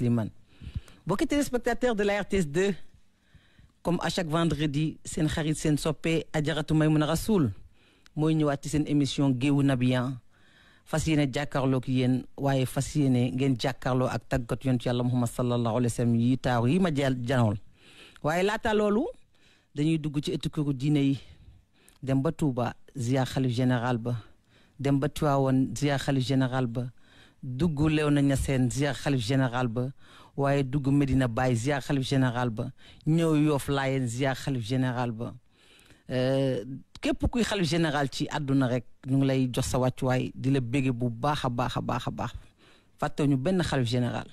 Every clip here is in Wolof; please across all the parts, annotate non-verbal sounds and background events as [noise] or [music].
Slimane bokki téléspectateur de la RTS 2 comme à chaque vendredi à xarit à tout le monde Rasoul mooy ñëwaat ci seen émission Géewu Nabiyan fas yéene jàkkaarloog yéen waaye fas yéene ngeen jàkkaarloo ak tàggat yonent yàlla Muhammad sallallahu alayhi wa sallam yi taaw yi ma janool waaye laata du dañuy dugg ci étude diine yi dem ba Touba ziar xalif général ba dem ba Tiwaawoon zia Khalil général ba dugg Léona Niassène ziar xalif général ba waaye dugg Medina Baye ziar xalif général ba ñëw Yoff Laayeen ziar xalif général ba euh, képp kuy xalif général ci àdduna rek ñu ngi lay jox sa wàccuwaay di la bége bu baax a baax a baax a baax fàttewu ñu benn xalif général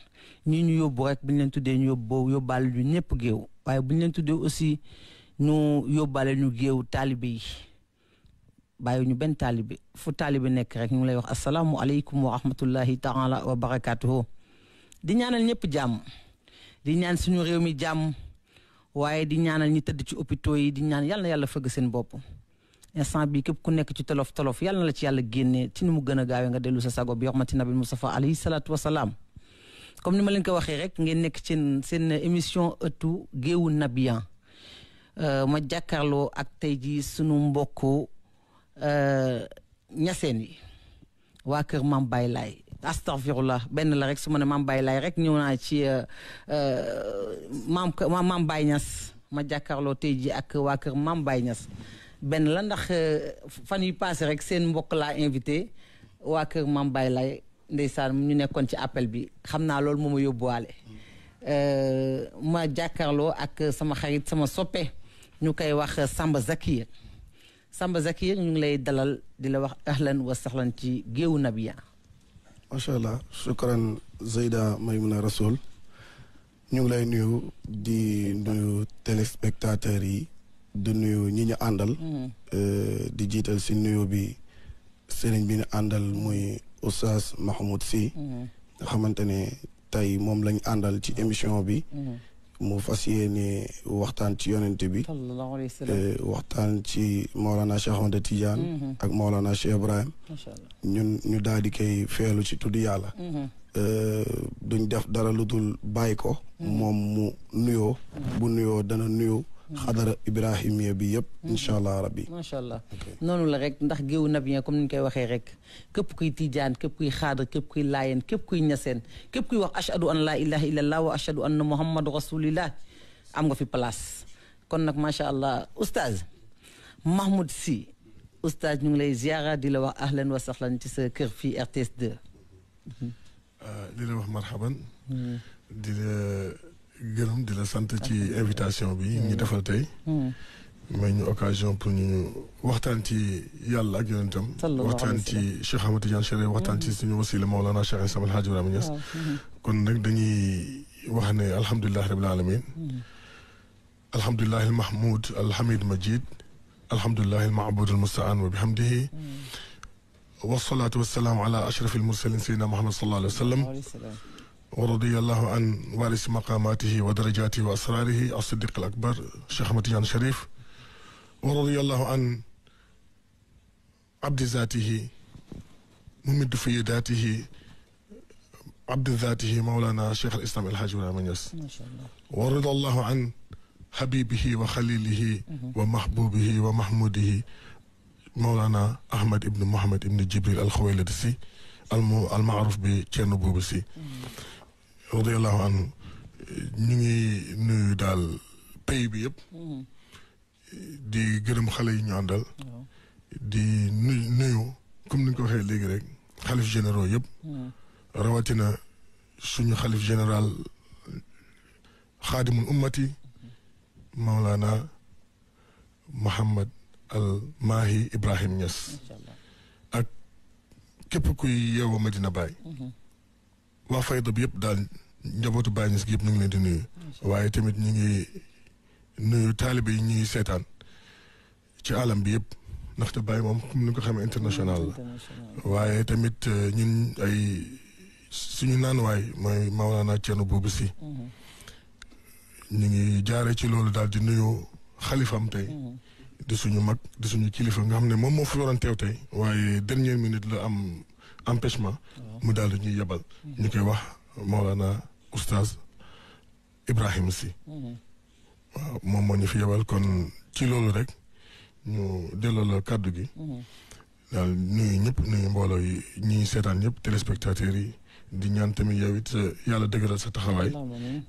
ñi ñu yobbu rek bu ñu leen tuddee ñu yóbbu yóbbaale ñu ñëpp géew waaye bu ñu leen tuddee aussi ñu yóbbaale ñu géew taalibe yi bàyyi ñu benn taalibi fu taalibi nekk rek ñu ngi lay wax asalaamualeykum wa rahmatullahi taala wa barakaatuhu di ñaanal ñëpp jàmm di ñaan suñu réew mi jàmm waaye di ñaanal ñi tëdd ci hôpitaux yi di ñaan yal na yàlla fëgg seen bopp instant bi képp ku nekk ci tolof tolof yal na la ci yàlla génnee ci nu mu gën a gaawee nga dellu sa sago bi yoxmati nabil Mustafa alayhi salaatu wasalaam comme ni ma leen ko waxee rek ngeen nekk ci seen émission ëttu géewu nabiyan euh, ma jàkkaarloo ak tey ji sunu mbokk ñaseen euh, yi waa kër Mam Baye Laye astaghfirullah benn la rek su ma ne Mam Baye rek ñëw naa ci maam euh, euh, Mam ma jàkkaarloo tey ji ak waa kër Mam Baye benn la ndax fan yu passé rek seen mbokk laa invité waa kër Mam Baye Laye ndeysaan ñu nekkoon ci appel bi xam naa loolu moo ma yóbbuwaale ma jàkkaarloo ak sama xarit sama soppe ñu koy wax Samba Zakiya Samba zaki ñu ngi lay dalal di la wax ahlan wa sahlan ci géewu Nabiya. macha allah shukran zaida Maymuna Rasoul ñu ngi lay nuyu di nuyu telespectateur yi di nuyu ñi ñu àndal. euh di jital ci nuyu bi sëriñ bi ñu àndal muy Oustaz Mahmoud Sy. nga xamante ne tey lañ àndal ci émission bi. mu fas yéene waxtaan ci yonente bi eh, waxtaan ci Mawlana Cheikh Ahmad Tidiane mm-hmm. ak Mawlana Cheikh Ibrahim ñun ñu daal di koy feelu ci tudd yàlla mm-hmm. eh, duñ def dara lu dul bàyyi ko mm-hmm. moom mu nuyoo bu nuyoo dana nuyoo خضر ابراهيم يبي يب ان شاء الله ربي ما شاء الله نونو لا ريك نده جيو نبي كوم نكاي وخي ريك كيب كوي تيجان كيب كوي خاد كيب كوي لاين كيب كوي نياسين كيب كوي واخ اشهد ان لا اله الا الله واشهد ان محمد رسول الله امغا في بلاص كون نك ما شاء الله استاذ محمود سي استاذ نون لاي زياره دي لو اهلا وسهلا تي سي كير في ار تي اس 2 آه، دي لو مرحبا دي gërëm di la sant ci invitation bi ñu defal tay may ñu occasion pour ñu waxtaan ci yàlla ak yonentam waxtaan ci Cheikh Ahmad Tidiane chere waxtaan ci suñu wasila maulana Cheikh Isam El Hadji Ibrahima Niass kon nag dañuy wax ne alhamdulilahi rabbil alamin al alhamdulilahi al hamid majid al ma'bud al musta'an wa bihamdihi والصلاة والسلام على أشرف المرسلين سيدنا محمد صلى الله عليه وسلم ورضي الله عن وارث مقاماته ودرجاته وأسراره الصديق الأكبر الشيخ أحمد جان شريف ورضي الله عن عبد ذاته ممد في ذاته عبد ذاته مولانا شيخ الإسلام الحاج ابن يس ما شاء الله ورضى الله عن حبيبه وخليله ومحبوبه ومحموده مولانا أحمد ابن محمد ابن جبريل الخويلدسي المعروف بتشيرنوبيل radiyallahu anhu ñu ngi nuyu daal pays bi yëpp. Mm-hmm. di gërëm xale yi ñu àndal. di nuyu nuyu comme ni nga ko waxee léegi rek xalif généraux yëpp. Mm-hmm. rawatina suñu xalif général xaadimul ummati mm-hmm. Maulana Mohamed al Ibrahim Niass. ak képp kuy yeewoo Medina Baye. waa fayda bi yëpp daal njabootu Baay Ñas ñu ngi leen di waaye tamit ñu ngi nuyu taalibe yi ñuy seetaan ci alam bi yëpp ndaxte Baay moom comme ko xamee international waaye tamit euh, ñun ay suñu naan waay mooy Maolana Thierno Boubou Sy. Mhm. ñu ngi jaare ci loolu daal di nuyu xalifam tey. Mhm. di suñu mag di suñu kilifa nga xam ne moom moo fi teew tey. waaye dernière minute la am. empêchement mu daal di ñuy yebal ñu koy wax moo Mawlana oustaz Ibrahim si waaw moom moo ñu fi yebal kon ci loolu rek ñu delloo la kàddu gi daal nuyu ñëpp nuyu mbooloo yi ñuy seetaan ñëpp téléspectateurs yi di ñaan tamit yow it yàlla dëgëral sa taxawaay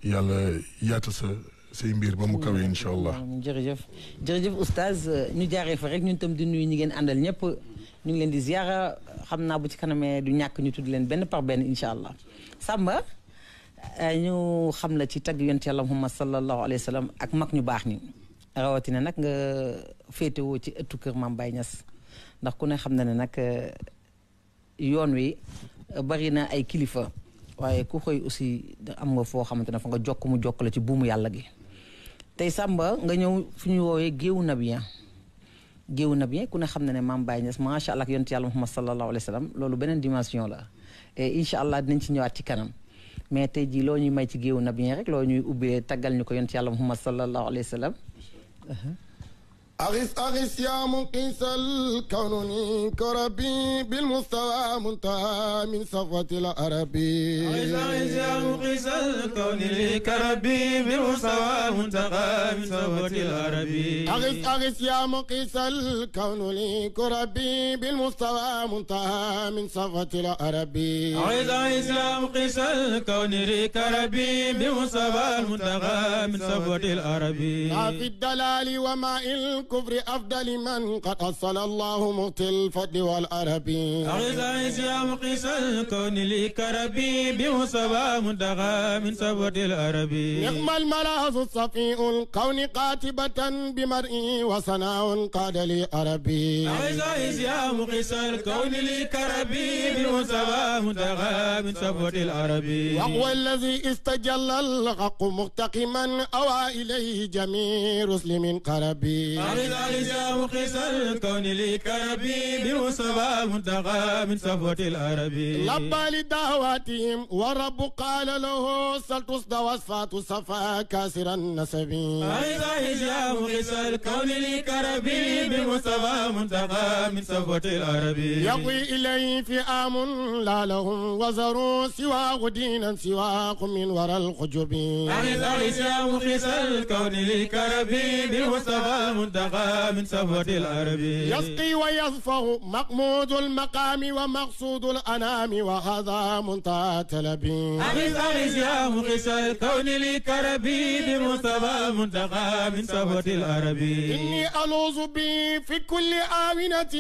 yàlla yaatal sa say mbiir ba mu kawee incha allah jërëjëf jërëjëf oustaz ñu jaaree fa rek ñun tam di nuyu ngeen àndal ñëpp ñu ngi leen di ziara xam naa bu ci kanamee du ñàkk ñu tudd leen benn par benn incha allah Samba ñu xam la ci tagg yonent yàlla Muhammad sallallahu alayhi wa ak mag ñu baax ñi rawatina nag nga féetewoo ci ëttu kër Maam Baye ndax ku ne xam na ne nag yoon wi bari na ay kilifa waaye ku xëy aussi am nga foo xamante ne fa nga jokk mu jokk la ci buumu yàlla gi tey Samba nga ñëw fi ñu woowee géewu Nabiya geewna na bien ku ne xamna ne mam Baye ness ma sha allah ak yonent yàlla Muhammad sallallahu alayhi wasallam lolu benen dimension la et insha allah dinañ ci ñëwaat ci kanam mais tay ji loo ñuy may ci geewna na bien rek loo ñuy ubbee taggal ñu ko yonent yàlla Muhammad sallallahu alayhi wa sallam أغيث أغيث يا منقيس الكون كربي بالمستوى منتهى من صفوة العربي أغيث أغيث يا منقيس الكون كربي بالمستوى منتهى من صفوة العربي أغيث أغيث يا منقيس الكون كربي بالمستوى منتهى من صفوة العربي أغيث أغيث يا منقيس الكون كربي بالمستوى منتهى من صفوة العربي ما في الدلال وما إلك الكفر أفضل من قد أصل الله مؤتي الفضل والأربي أعز أعز يا مقيس الكون لك ربي بمصبى مدغى من سبوة العربي نقم الملاحظ الصفيء الكون قاتبة بمرئي وصناع قاد لي أربي أعز أعز يا مقيس الكون لك ربي بمصبى مدغى من سبوة العربي وهو الذي استجل الغق مقتقما أوى إليه جميع رسل من قربي إذا إذا الكون لي كربي منتقى من صفوة العربي لبى لدعواتهم ورب قال له سلتصدى وصفات صفا كاسر النسب إذا إذا مقيس الكون لي كربي منتقى من صفوة العربي يقوي إليه في فئام لا لهم وزر سواه دينا سواكم من وراء الخجب إذا إذا مقيس الكون لي كربي منتقى أساق من صفوة الأرب يسقي ويصفه مقمود المقام ومقصود الأنام وهذا منطقة تلبي أغيث أغيث يا مغيث الكون لي كربي بمصطفى منتقى من صفوة الأرب إني ألوز بي في كل آونة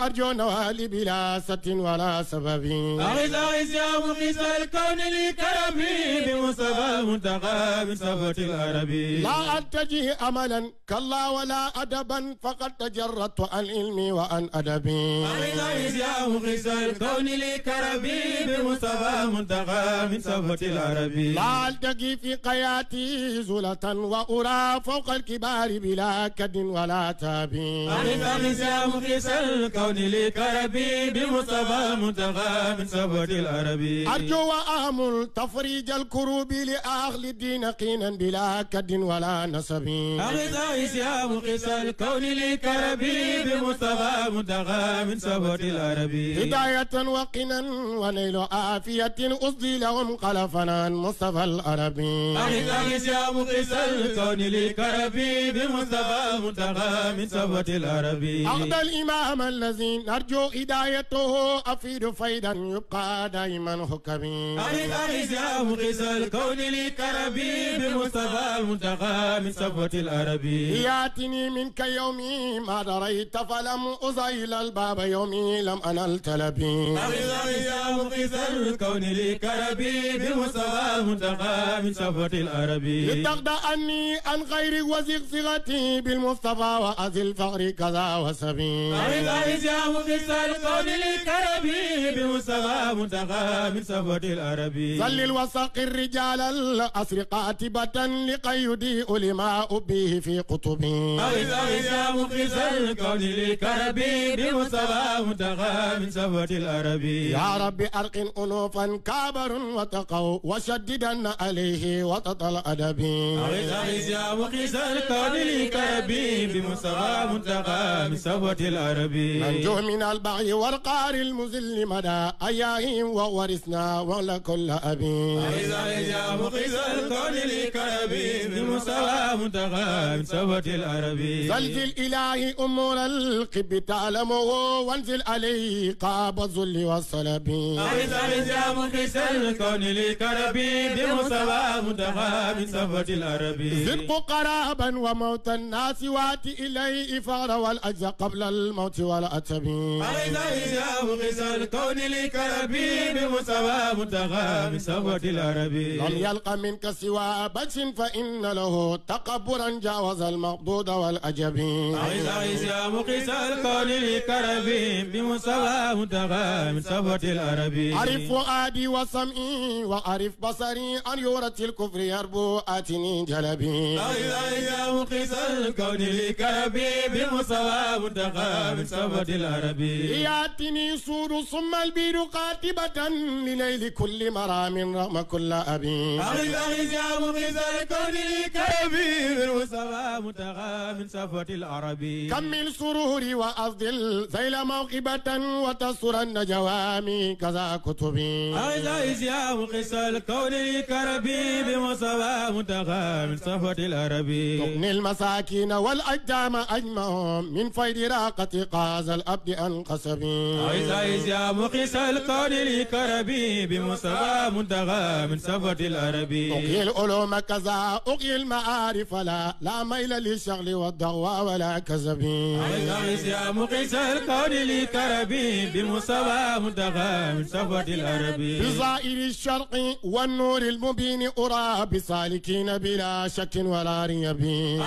أرجو نوال بلا ست ولا سبب أغيث أغيث يا مغيث الكون لي كربي بمصطفى منتقى من صفوة الأرب لا أتجه أملا كالله ولا أدى أدبا فقد تجردت عن علمي وعن أدبي أرض يا مخلص الكون لكربي بمصطفى منتقى من صفوة العربي لا ألتقي في قياتي زلة وأرى فوق الكبار بلا كد ولا تابي أرض يا مخلص الكون لكربي بمصطفى منتقى من صفوة العربي أرجو وآمل تفريج الكروب لأهل الدين قينا بلا كد ولا نسب أرض يا مخلص الكون لكربي بمصطفى منتقى من صبوت العربي هداية وقنا ونيل آفية أصدي لهم قلفنا مصطفى العربي أغيث أغيث يا مقيس الكون لكربي بمصطفى منتقى من صبوت العربي أغدى الإمام الذي نرجو هدايته أفيد فيدا يبقى دائما حكمي أغيث أغيث يا مقيس الكون لكربي بمصطفى منتقى من صبوت العربي ياتني من منك يومي ما دريت فلم أزيل الباب يومي لم أنل تلبي أغذر يا مقيس الكون لي كربي بمستوى منتقى من شفة الأربي لتغدى أني عن غير وزغزغتي بالمصطفى وأزل الفقر كذا وسبي أغذر يا مقيس الكون لي كربي بمستوى منتقى من شفة الأربي ظلل وساق الرجال الأسر قاتبة لقيدي أولي ما أبيه في قطبي يا مخلص الكون لكربي بمستوى متغى من سفوة الأربي يا ربي أرقن أنوفا كابر وتقوا وشددن عليه وتطل أدبي أغيث يا مخلص الكون لكربي بمستوى متغى من سفوة الأربي ننجو من البغي والقار المزل مدى أياهم وورثنا ولكل أبي أغيث يا مخلص الكون لكربي بمستوى متغى من سفوة الأربي زلزل إلهي أمور القب تعلمه وانزل عليه قاب الذل والصلب أعز يا مخيس الكون لكربي بمستوى مدفع من صفوة العرب صدق قرابا وموت الناس واتي إليه إفار والاجزاء قبل الموت والأتب أعز يا مخيس الكون لكربي بمستوى مدفع من صفوة العرب لم يلقى منك سوى بجس فإن له تقبرا جاوز المقبوض والأجب عجبي أعز أعز يا مقيس الكون لكربي بمستوى منتهى من صفوة العربي أعرف فؤادي وسمعي وأعرف بصري أن يورث الكفر يربو آتني جلبي أعز أعز يا مقيس الكون لكربي بمستوى منتهى من صفوة العربي يأتني سور ثم البير قاتبة لليل كل مرام رغم كل أبي أعز أعز يا مقيس الكون لكربي بمستوى منتهى من صفوة الخلافة العربي كم من سرور وأفضل ذيل موقبة وتصرن جوامي كذا كتبي أيضا إزيام قصة الكون الكربي بمصابة منتخى من صفوة العربي تغني المساكين والأجدام أجمعهم من فيض راقة قاز الأبد انقصب أيضا إزيام قصة الكون الكربي بمصابة منتخى من صفوة العربي أقي العلوم كذا أقي المعارف لا لا ميل للشغل والضغط قوى ولا كذبي أيضا يا مقيس الكون لكربي بمستوى منتهى من صفوة العربي بظاهر الشرق والنور المبين أرى بسالكين بلا شك ولا ريب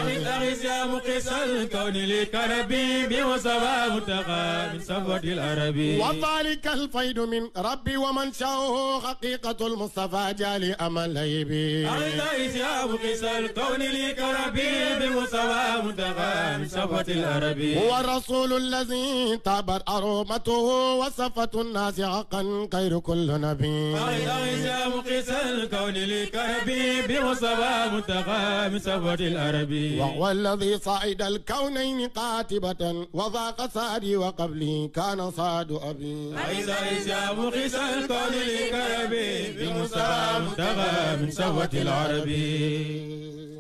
أيضا يا مقيس الكون لكربي بمستوى منتهى من صفوة العربي وذلك الفيد من ربي ومن شاءه حقيقة المصطفى جالي أمل هيبي أيضا يا مقيس الكون لكربي بمستوى منتهى الغربان شفة الأرب هو الرسول الذي طابت أرومته وصفت الناس حقا غير كل نبي أي أي يا مقيس الكون لكهبي بمصطفى منتقى من شفة الأرب وهو الذي صعد الكونين قاتبة وضاق سعدي وقبلي كان صعد أبي أي أي يا مقيس الكون لكهبي بمصطفى منتقى من شفة العربي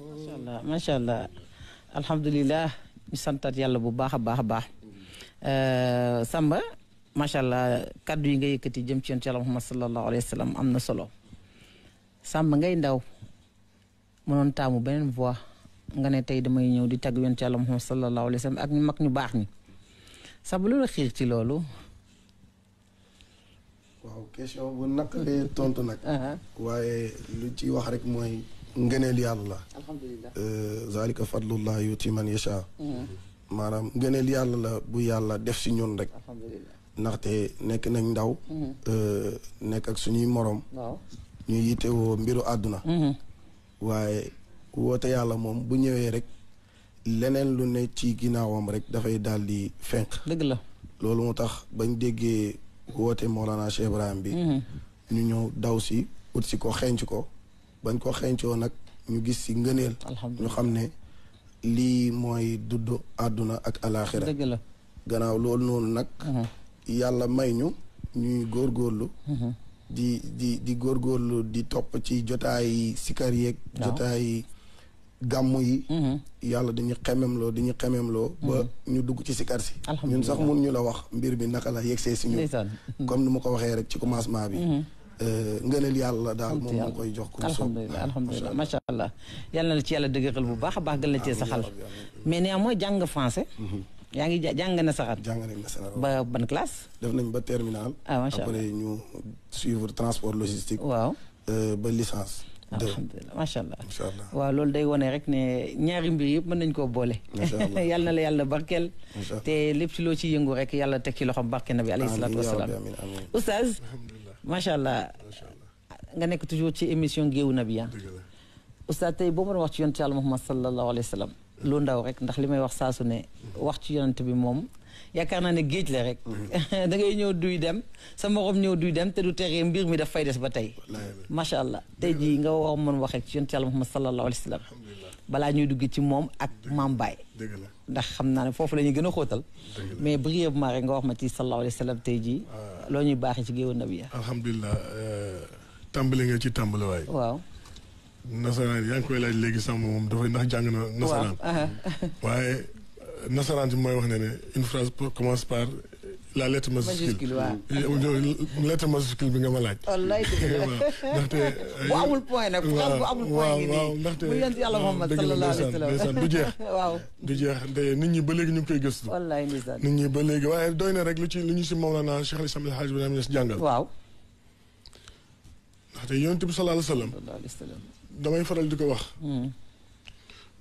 ما شاء الله ما شاء الله Alhamdulillah ñu santat yalla bu baax baax euh Samba macha allah kaddu yi nga yëkëti jëm ci yonent Muhammad sallallahu alayhi Wasallam amna solo Samba ngay ndaw mënoon taamu benen voix nga ne tay damay ñëw di tag yonent Muhammad sallallahu alayhi Wasallam ak ñu mag ñu baax ñi Samba lu la ci lolu waaw question bu tontu nak uh-huh. waaye lu ci wax rek moy ngëneel yàlla alhamdulilah euh, zalika fadlullah yuti man yasha mm-hmm. maanaam ngëneel la bu yàlla def si ñun rek ndaxte nekk nañ ndaw mm-hmm. euh, nekk ak suñuy morom ñu yitewoo mbiru àdduna mm-hmm. waaye woote yàlla moom bu ñëwee rek leneen lu ne ci ginnaawam rek dafay daal di fenk dëgg la loolu moo tax bañ déggee woote Mawlana Cheikh Ibrahim bi ñu ñëw daw si ut si ko xenc ko bañ ko xencoo nag ñu gis si ngëneel ñu xam ne lii mooy dudd àdduna ak alaaxira dëgg la gannaaw loolu noonu nag mhm. yàlla may ñu ñuy góor góorgóorlu mhm. di di góor góorgóorlu di topp ci jotaay sikar yeeg jotaay gàmm yi mhm. yàlla dañu xememloo dañu xememloo ba ñu dugg ci sikar si ñun sax mun ñu la wax mbir bi naka la yegsee si ñu comme ni ma ko waxee rek ci commencement bi Euh, ngëneel yàlla daal moom moo koy jox. alhamdulilah alhamdulilah macha allah yal na la ci yàlla dëgëral bu baax a baax gën la cee saxal. mais néanmoins jàng français. Mhm. yaa ngi jàng na saxaat. jàng nañ na ba ban classe. def nañ ba terminal. ah macha allah après ñu suivre transport logistique. waaw euh, ba licence. alhamdulilah macha allah waaw loolu day wane rek ne ñaari mbir yëpp mën nañ ko boole [laughs] yàlla na la yàlla barkeel te lépp ci loo ci yëngu rek yàlla teg ci loxoom barke na bi alayhi salaatu wasalaam oustaz macha allah nga nekk toujours ci émission Géewu Nabi ah. oustaz tey boo mën wax ci yonent Yàlla Muhammad sallallahu alayhi wa sallam. lu ndaw rek ndax li may wax saa su ne. wax ci yonent bi moom. yaakaar naa ne géej la rek. [laughs] da ngay ñëw duy dem sa morom ñëw duy dem te du teree mbir mi daf fay des ba tey. macha allah tey jii nga war mën waxee ci yonent Yàlla Muhammad sallallahu alayhi wa balaa ñuy dugg ci moom ak maam Baye ndax xam naa ne foofu lañuy ñuy gën a xóotal mais brièvement rek nga wax ma ci sallallahu alayhi wa sallam tey jii ah. loo ñuy baaxee ci géewu nabiya alhamdulilah euh, tàmbali nga ci tàmbaliwaay waaw nasaraan yaa ngi koy laaj léegi sàmm moom dafay ndax jàng na nasaraan waaye euh, nasaraan bi mooy wax ne ne commence par la lettre majuscule eh, lettre majuscule bi nga ma laaj. wallaay [laughs] ndaxte. Eh, [laughs] bu amul point nag. waaw waaw waaw ndaxte bu yonent yàlla Muhammad sallallahu alayhi wa sallam du jeex. [laughs] waaw du jeex te nit ñi ba léegi ñu koy gëstu. wallaay ndeysaan nit ñi ba léegi waaye doy na rek lu ci lu ñu si Mawlana Cheikh al-Islam El Hadj Ibrahima Niass jàngal. waaw. ndaxte yonent bi sallallahu alayhi wa sallam. damay di ko wax. Hmm.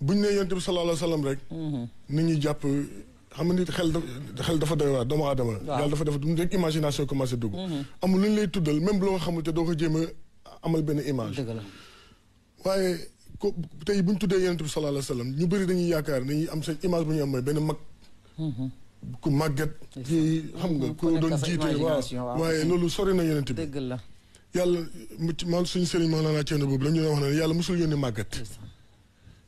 bu ne yonent bi sallallahu alayhi rek. Hmm. nit ñi jàpp. xam nga nit xel xel dafa doy doomu aadama. yàlla dafa def rek imagination commencé dugg. Mm-hmm. amul lu ñu lay tuddal même loo xamul te doo ko jéem a amal benn image. waaye ko tey bu ñu tuddee yonent bi sallallahu alayhi wa sallam ñu bëri dañuy yaakaar dañuy am seen image bu ñu am mooy benn mag. Mm-hmm. ku màgget. kii xam nga mm-hmm. ku doon jiite waaw waaye loolu sori na yonent bi. dëgg la yàlla man suñu sëriñ ma naa a ceen boobu dañu doon wax ne yàlla mosul yónni màgget.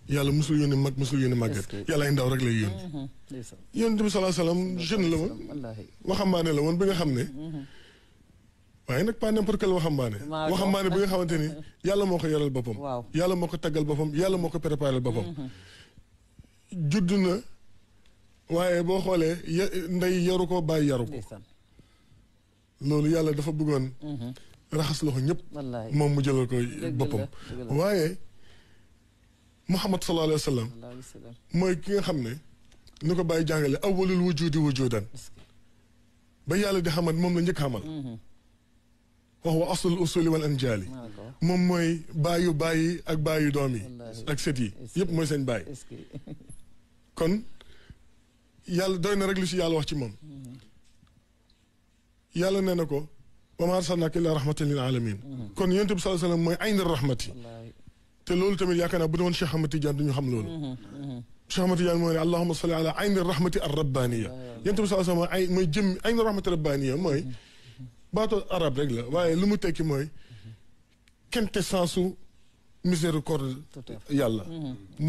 yàlla musul yónni mag musul yónni màgget yàlla ay ndaw rek lay yónni mhm. yónni bi salaa salaam jeune la woon waxambaane la woon bi nga xam ne mhm. waaye nag pas pour quel waxambaane waxambaane bi nga xamante ni [laughs] yàlla moo ko yaral boppam yàlla moo ko taggal boppam yàlla moo ko préparel boppam mhm. judd na waaye boo xoolee ndey yaru ko bàyyi yaru ko loolu yàlla dafa bëggoon raxas loxo ñëpp moom mu jëlal ko boppam waaye محمد صلى الله عليه وسلم موي كي خامني نكو باي جانغال اول الوجود وجودا با يالا دي خامل موم لا نيك خامل وهو اصل الاصول والأنجالي موم موي بايو باي اك بايو دومي اك سيتي يب موي سن باي كن يالا دوينا رك لوسي يالا واخ موم يالا نينا وما ارسلناك الا رحمه للعالمين كن ينتب صلى الله عليه وسلم موي عين الرحمه te loolu tamit yaakaar naa bu doon Cheikh Ahmed Tidiane du ñu xam loolu. Cheikh Ahmed Tidiane mooy ne allahumma salli ala ayni rahmati ar-rabbaniya. yonent bi sallallahu alayhi wa ay mooy jëm ayni rahmati rabbaniya mooy. baatoo arab rek la waaye lu mu tekki mooy. kente su miséricorde yàlla.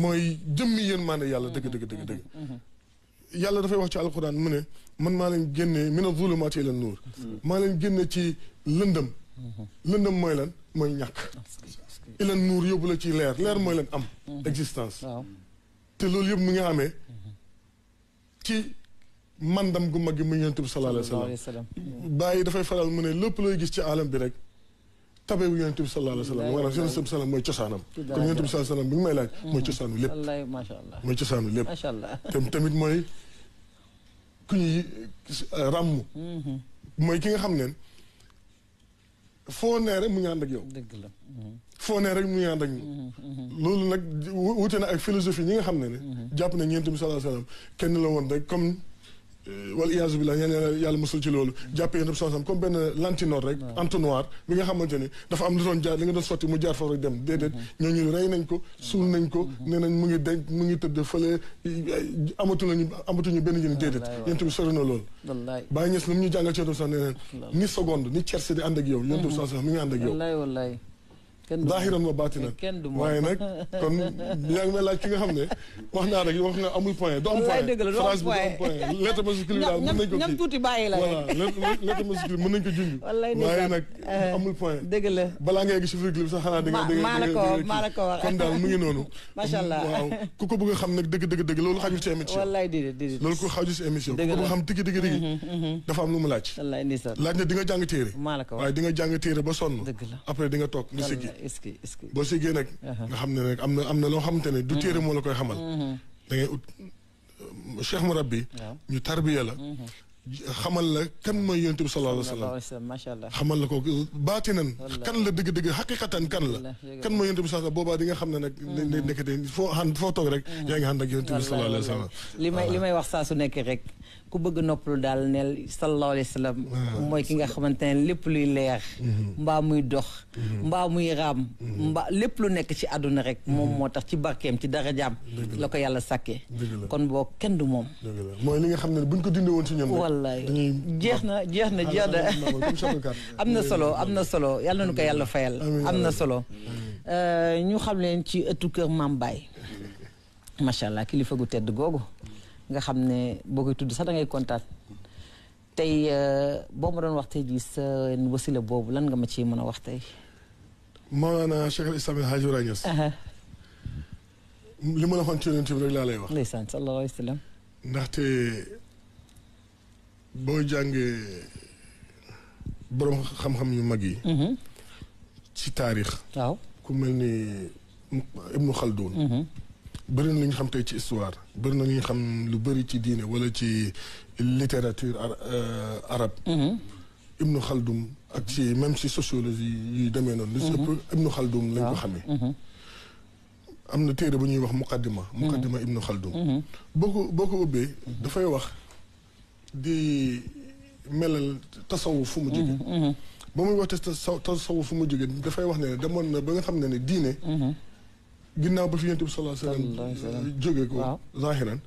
mooy jëmmi yéen maa ne yàlla dëgg dëgg dëgg dëgg. yàlla dafay wax ci alquran mu ne man maa leen génnee mina zulumaati ila nuur. maa leen génne ci lëndëm. lëndëm mooy lan mooy ñàkk. ila nuur yóbbu la ci leer leer mooy leen am mhm. existence te loolu yëpp mu ngi amee mhm. ci mandam gu mag gi mu yonent bi la alayhi wa sallam bàyyi dafay faral mu ne lépp looy gis ci alam bi rek tabe bu yonent bi sallallahu alayhi wa sallam maanaam yonent bi mooy cosaanam comme yonent bi sallallahu alayhi wa sallam bi ngi may laaj mooy mhm. cosaanu lépp mooy cosaanu lépp te tamit mooy ku ñuy euh, ràmm mooy ki nga xam ne foo neere mu ngi ànd ak yow foo rek mu ngi ànd ak ñun. loolu nag wute na ak philosophie ñi nga xam ne ne. jàpp na ñeent bi sallallahu alayhi kenn la woon rek comme. Euh, wala iyaazu billah ñaan yàlla mosul ci loolu jàppee yonent bi sallallahu alayhi wasallam comme benn lantinoor rek entonnoir bi nga xamante ni dafa am lu doon jaar li nga doon sotti mu jaar foofu rek dem déedéet ñooñu nañ ko suul nañ ko nañ mu ngi denc mu ngi tëdd fële amatu lañu amatuñu benn jëriñ déedéet yonent bi sori na loolu ni seconde ni tiercé di ànd ak yow yonent bi sallallahu alayhi wasallam mi ngi ànd ak yow daaxiran wa baatinan kenn du waaye nag kon yaa ngi may laaj ki nga xam ne wax naa rek wax nga amul point du am point phrase bi du am point mu ngi noonu macha allah ku ko bëgg a xam nag dëgg dëgg dëgg loolu xajul ci émission ku ko bëgg a xam dëgg dëgg mm-hmm, mm-hmm. dafa am lu mu laaj laaj na di jàng téere waaye di nga jàng téere ba sonn après di nga toog nga siggi est-ce que est uh-huh. nga xam ne nag am na am na loo xamante ne. du uh-huh. téere moo la koy xamal. Uh-huh. da ngay ut euh, cheikh murabbi ñu tarbiya la. xamal la kan mooy yonent bi sallallahu alayhi wa sallam macha allah xamal la ko baatinan kan la dëgg-dëgg xaqiqatan kan la kan mooy yonent bi sallallahu boobaa di nga xam ne nag ne nekkate foo xan foo toog rek yaa ngi ànd ak yonent bi sallallahu alayhi wa sallam li may li may wax saa su nekk rek ku bëgg nopp lu daal neel sallallahu alayhi wa ah. mooy ki nga xamante lépp luy leer mm-hmm. mbaa muy dox mm-hmm. mbaa muy raam mm-hmm. mba lépp lu nekk ci àdduna rek moom moo tax ci barkeem ci darajaam la ko yàlla sàkkee kon boo kenn du moom mooy li nga xam ne buñ ko dindi woon ci ñoom wallaay jeex na jeex na jeex na [laughs] am na solo am na solo yàlla nu ko yàlla fayal am na solo euh, ñu xam leen ci ëttu kër Maam Baay macha allah [laughs] kilifa gu tedd googu nga xam ne boo koy tudd sax da ngay kontaan tey euh, boo ma doon wax tey jii seen wasila boobu lan nga ma ci mën a wax tey. Mawlana Cheikh al Islam El Hadj Ibrahima Niass. li ma la waxoon ci yonent bi rek laa lay wax. ndeysaan sallallahu alayhi wa sallam. ndaxte boo jàngee borom xam-xam yu mag yi. ci taarix. waaw ku mel ni Ibnu Khaldun. bëri na li ñu xam tey ci histoire bëri na li ñu xam lu bëri ci diine wala ci littérature arabe ibnu xaldum ak ci même si sociologie yu demee noonu lu si ëpp ibnu xaldum lañ ko xamee am na téere bu ñuy wax muqaddima muqaddima ibnu xaldum boo ko boo ko ubbee dafay wax di melal tasawu fu mu jóge ba muy wax te tasawu fu mu jóge dafay wax ne demoon na ba nga xam ne ne diine ginnaaw ba fi yonent bi sallallahu alayhi wa sallam jóge ko zahiran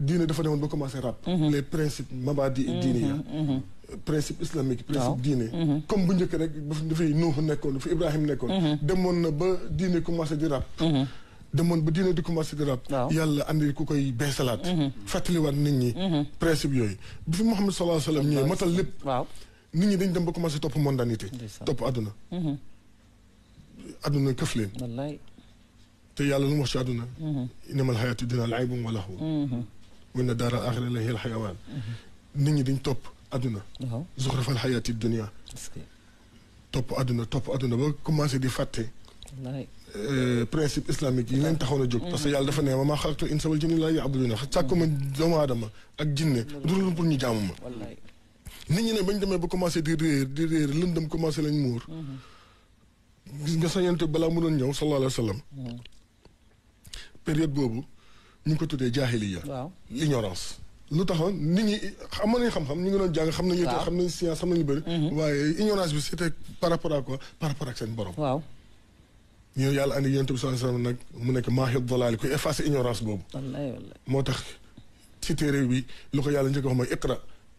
diine dafa demoon ba commencé rab les principes mabadi diine ya principe islamique principe diine comme bu njëkk rek dafay Nuux nekkoon dafa Ibrahim nekkoon demoon na ba diine commencé di rab demoon ba diine di commencé di rab yàlla andi ku koy beesalaat fàttaliwaat nit ñi principe yooyu bu fi Muhammad sallallahu alayhi wa sallam ñëwee matal lépp nit ñi dañ dem ba commencé topp mondanité topp àdduna àdduna këf leen تيالا نمشي عدنا إنما الحياة الدنيا لعب ولا هو وإن دار الآخرة اللي هي الحيوان نيجي دين توب عدنا زخرف الحياة الدنيا توب عدنا توب عدنا بقى كم ما سيدي فاتي برينسيب إسلامي ينين تخونا جوك بس يالا دفنه ما خلقتو إنسا والجن لا يعبدونا تاكو من دوم آدم أك جنة دول نبور نجامهم نيجي نبين دم بقى كم ما سيدي رير رير لندم كم ما سيدي نمور gis nga sa yent bala période boobu ñu ngi ko tuddee jaahiliya waaw l'ignorance lu taxoon nit ñi amoon nañu xam-xam ñu ngi doon jàng xam nañu xam nañu science xam nañu bëri mhm. waaye ignorance bi c'était par rapport à quoi par rapport ak seen borom waaw ñoo yàlla andi yonent bi nag mu nekk maaxi dalaali kuy effacer ignorance boobu moo tax ci téere bi lu ko yàlla njëkk wax mooy iqra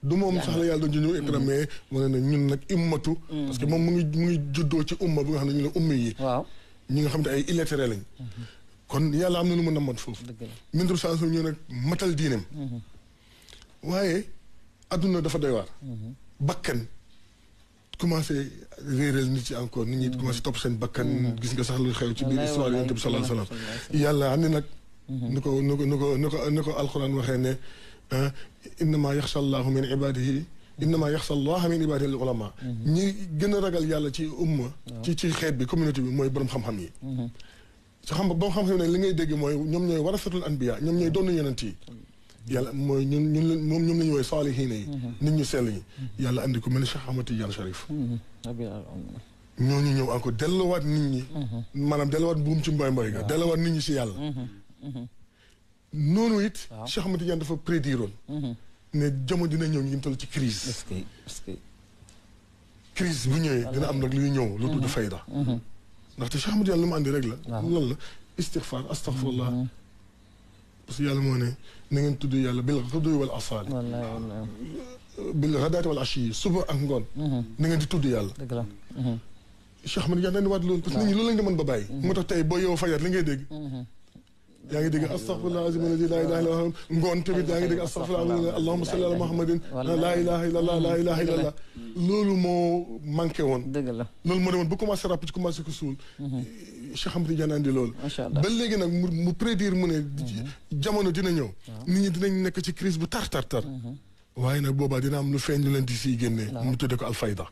du moom sax yàlla doon junj iqra mhm. mais wane na ñun nag ummatu mhm. moom mu ngi mu juddoo ci umma bi nga xam ne ñu ne ummi yi ñi nga xam ne ay illettrés lañ kon yàlla am na lu mu namoon foofu. dëgg la mbiru saa ñëw nag matal diineem. Mhm. waaye adduna dafa doy waar. Mhm. bakkan commencé réeral nit ci encore nit ñi mhm. commencé topp seen bakkan. gis nga sax lu xew ci biir histoire yonent bi sallallahu alayhi wa sallam yàlla andi nag. nu ko nu ko ko nu ko nu ko alxuraan waxee ne ah, innamaa yaxsha llaaha min ibaadihi innamaa yaxsha llaaha min ibaadihi al-ulamaa. ñi gën a ragal yàlla ci umma. ci ci xeet bi communauté bi mooy borom xam-xam yi. su xam ba xam ne li ngay dégg mooy ñoom ñooy war a satul anbiya ñoom ñooy doon yonent yi yàlla mooy ñun ñun moom ñoom la ñu wooy saalihiina yi mm-hmm. nit ñu sell ñi yàlla andi ko mel ni Cheikh Ahmad Tidiane Sharif ñooñu ñëw encore delluwaat nit ñi mm-hmm. maanaam delluwaat buum ci mboy mboy ga delluwaat nit ñi si yàlla mm-hmm. noonu it Cheikh Ahmad Tidiane dafa prédire woon ne jamono dina ñëw ñu ngi toll ci crise crise bu ñëwee dina am nag luy ñëw lu tudd fayda ndaxte Cheikh Ahmadou yàlla lu mu àndi rek la. lan la istixfaar astaxfirullah parce que yàlla moo ne na ngeen tudd yàlla bil xaduy wal asaali. bil xadaati wal ashi suba ak ngoon. na ngeen di tudd yàlla. dëgg la. Cheikh Ahmadou yàlla na leen waat loolu. parce que nit ñi loolu lañ demoon ba bàyyi. moo tax tey boo yow fajar li ngay dégg. yaa ngi dégg astaghfirullah azim alladhi la ilaha illa huwa ngoon tamit yaa ngi dégg astaghfirullah allahumma salli ala muhammadin la ilaha illa allah la ilaha illa allah loolu moo manqué woon dëgg la loolu moo demoon ba commencé rap ci commencé ko suul Cheikh Ahmed Tidiane andi loolu ba léegi nag mu mu prédire mu ne jamono dina ñëw nit ñi dinañ nekk ci crise bu tar tar tar waaye nag boobaa dina am lu feeñ lu leen di siy génnee mu tudde ko alfayda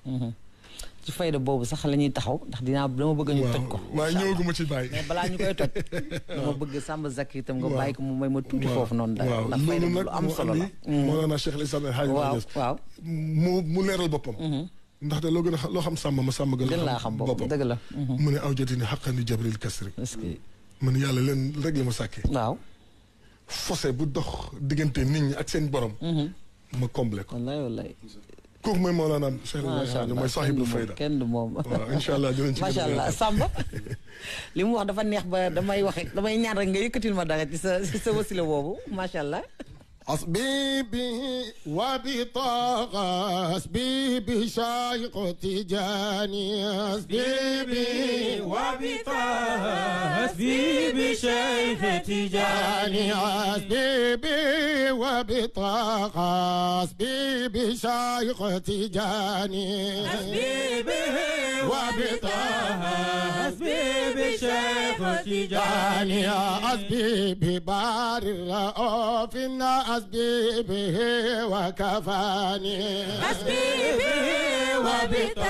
ci fayda boobu sax la ñuy taxaw ndax dinaa dama bëgg ñu toj ko waaw ñëwaguma ci bàyyi mais balaa ñu koy toj [laughs] dama bëgg Samba Zakir itam nga bàyyi ko mu may ma tuuti foofu noonu daal ndax fayda lu am solo la Mawlana mm. Cheikh Islam El Hadji Niass waaw mu mu leeral boppam mm-hmm. ndaxte loo gën a loo xam sàmm ma sàmm gën laa xam boppam dëgg la mm-hmm. mu ne aw jotini xaqani jabril kasri mu ne yàlla leen rek la ma sàkkee waaw fossé bu dox diggante nit ñi ak seen borom mm-hmm. ma comblé ko wallaay wallaay kooku mooy Mawlana Cheikh Ibrahima mooy saaxibu fayda kenn du moom [laughs] waaw incha allah dinañ ci macha allah Samba [laughs] li mu wax dafa neex ba damay wax rek damay ñaan rek nga yëkkatil ma dara ci sa ci sa wasila boobu macha allah أصبيبي به وبطاقة أصبي بشايق تجاني أصبيبي به وبطاقة أصبي بشيخ تجاني أصبيبي به وبطاقة أصبي بشايق تجاني أصبيبي به وبطاقة أصبي تجاني أصبي ببار الرؤوف الناس حسبي به وكفاني حسبي به وبطه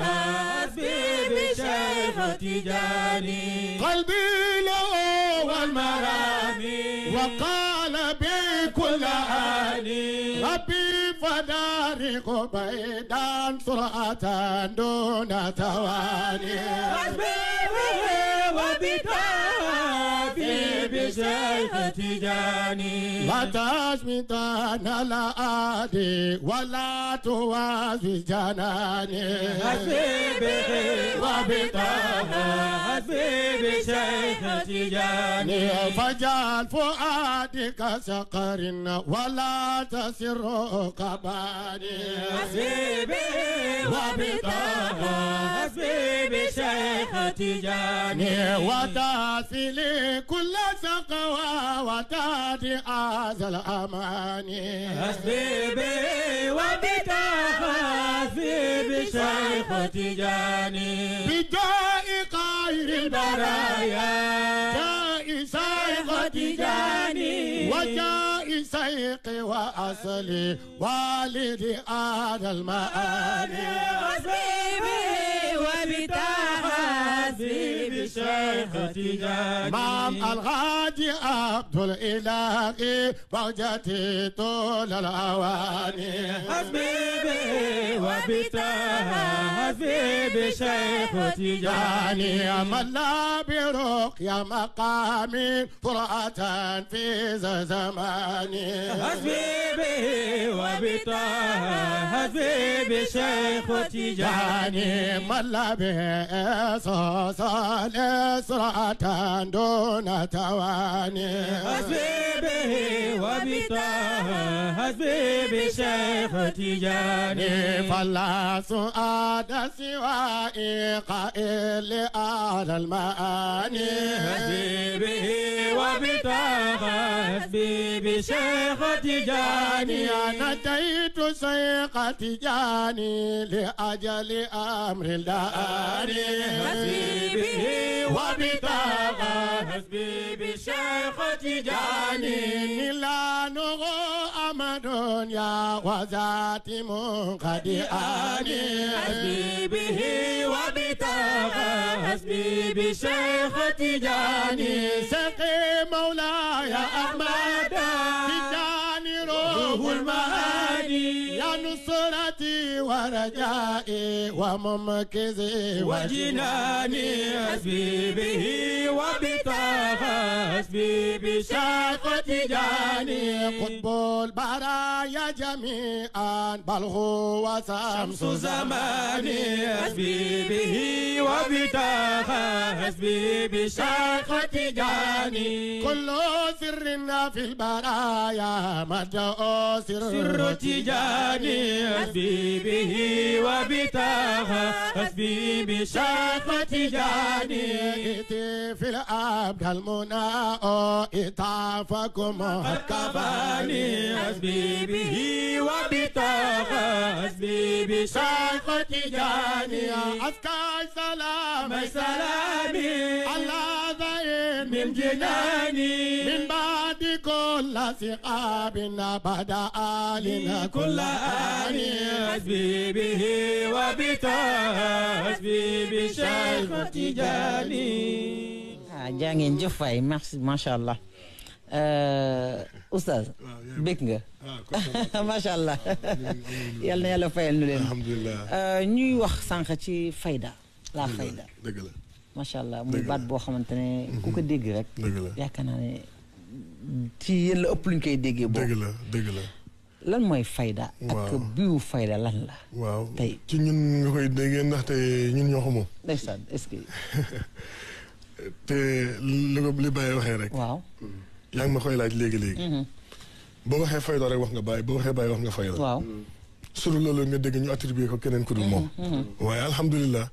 حسبي بشيخ تجاني قلبي له والمرامي وقال بكل آني ربي فدارك بيدا سرعة دون تواني حسبي به وبطه سيف تجاني لا تشمتنا لا أدي ولا توازي جناني حسيبي وبطه حسيبي سيف تجاني فجعل فؤادك سقر ولا تسر قباني حسيبي وبطه حسيبي سيف تجاني وتعفي لكل زمان التقوى وتاتي هذا الأماني حسبي بي وبتحاسب شيخ تجاني بجاء خير البرايا جاء سيق تجاني وجاء سيقي وأصلي والدي هذا المآني حسبي بي الشيخ تجاني مام الغادي عبد الإلهي بغجتي طول الأواني حبيبي وبتاه حبيبي شيخ تجاني ملا يا مقامي فرعة في زماني حبيبي وبتاه حبيبي شيخ تجاني ملا به صالح صراط دون تواني حسبي به وبطه حسبي بشيخ تجاني فلا سؤاد سوائي قائل على المعاني حسبي به وبطه حسبي بشيخ تجاني أنا جيت كنت جاني لأجل أمر الدار حسبي به وبطاقة حسبي بالشيخ تجاني ملانه أمد يا وذات منقد آني حسبي به وبطاقة حسبي بالشيخ تجاني سقي مولاي أحمد نظرتي ورجائي وممكزي وجناني حسبي به وبطاقة حسبي بشافتي جاني قطب البرايا جميعا بل هو شمس زماني حسبي به وبطاقة حسبي بشافتي جاني كل سر في البرايا مجأ سر تجاني أسبي به وبتاها أسبي بشافة جانيت في الأبد المنى إطافكم الكباني أسبي به وبتاها أسبي بشافة جاني أسكى سلام سلامي الله ضيم جفاي ما شاء الله آه، استاذ آه، آه، طيب. [laughs] ما شاء الله يالنا يالا الحمد لله نيو واخ سانخ لا فايدة. macha allah muy baat boo xamante ne ku ko mhm. dégg rek yaakaar naa ne ci yéen la ëpp luñ koy déggee boobu dëgg la dëgg la lan mooy fayda ak biwu fayda lan la waaw tey ci ñun nga koy déggee ndaxte ñun ñoo ko moom ndeysaan est-ce [laughs] te li ko li bàyyi waxee rek waaw yaa ngi ma koy laaj léegi-léegi mhm. boo waxee fayda rek wax nga bàyyi boo waxee bàyyi wax nga fayda waaw suru loolu nga dégg ñu attribué ko keneen ku dul moom mhm, waaye alhamdulilah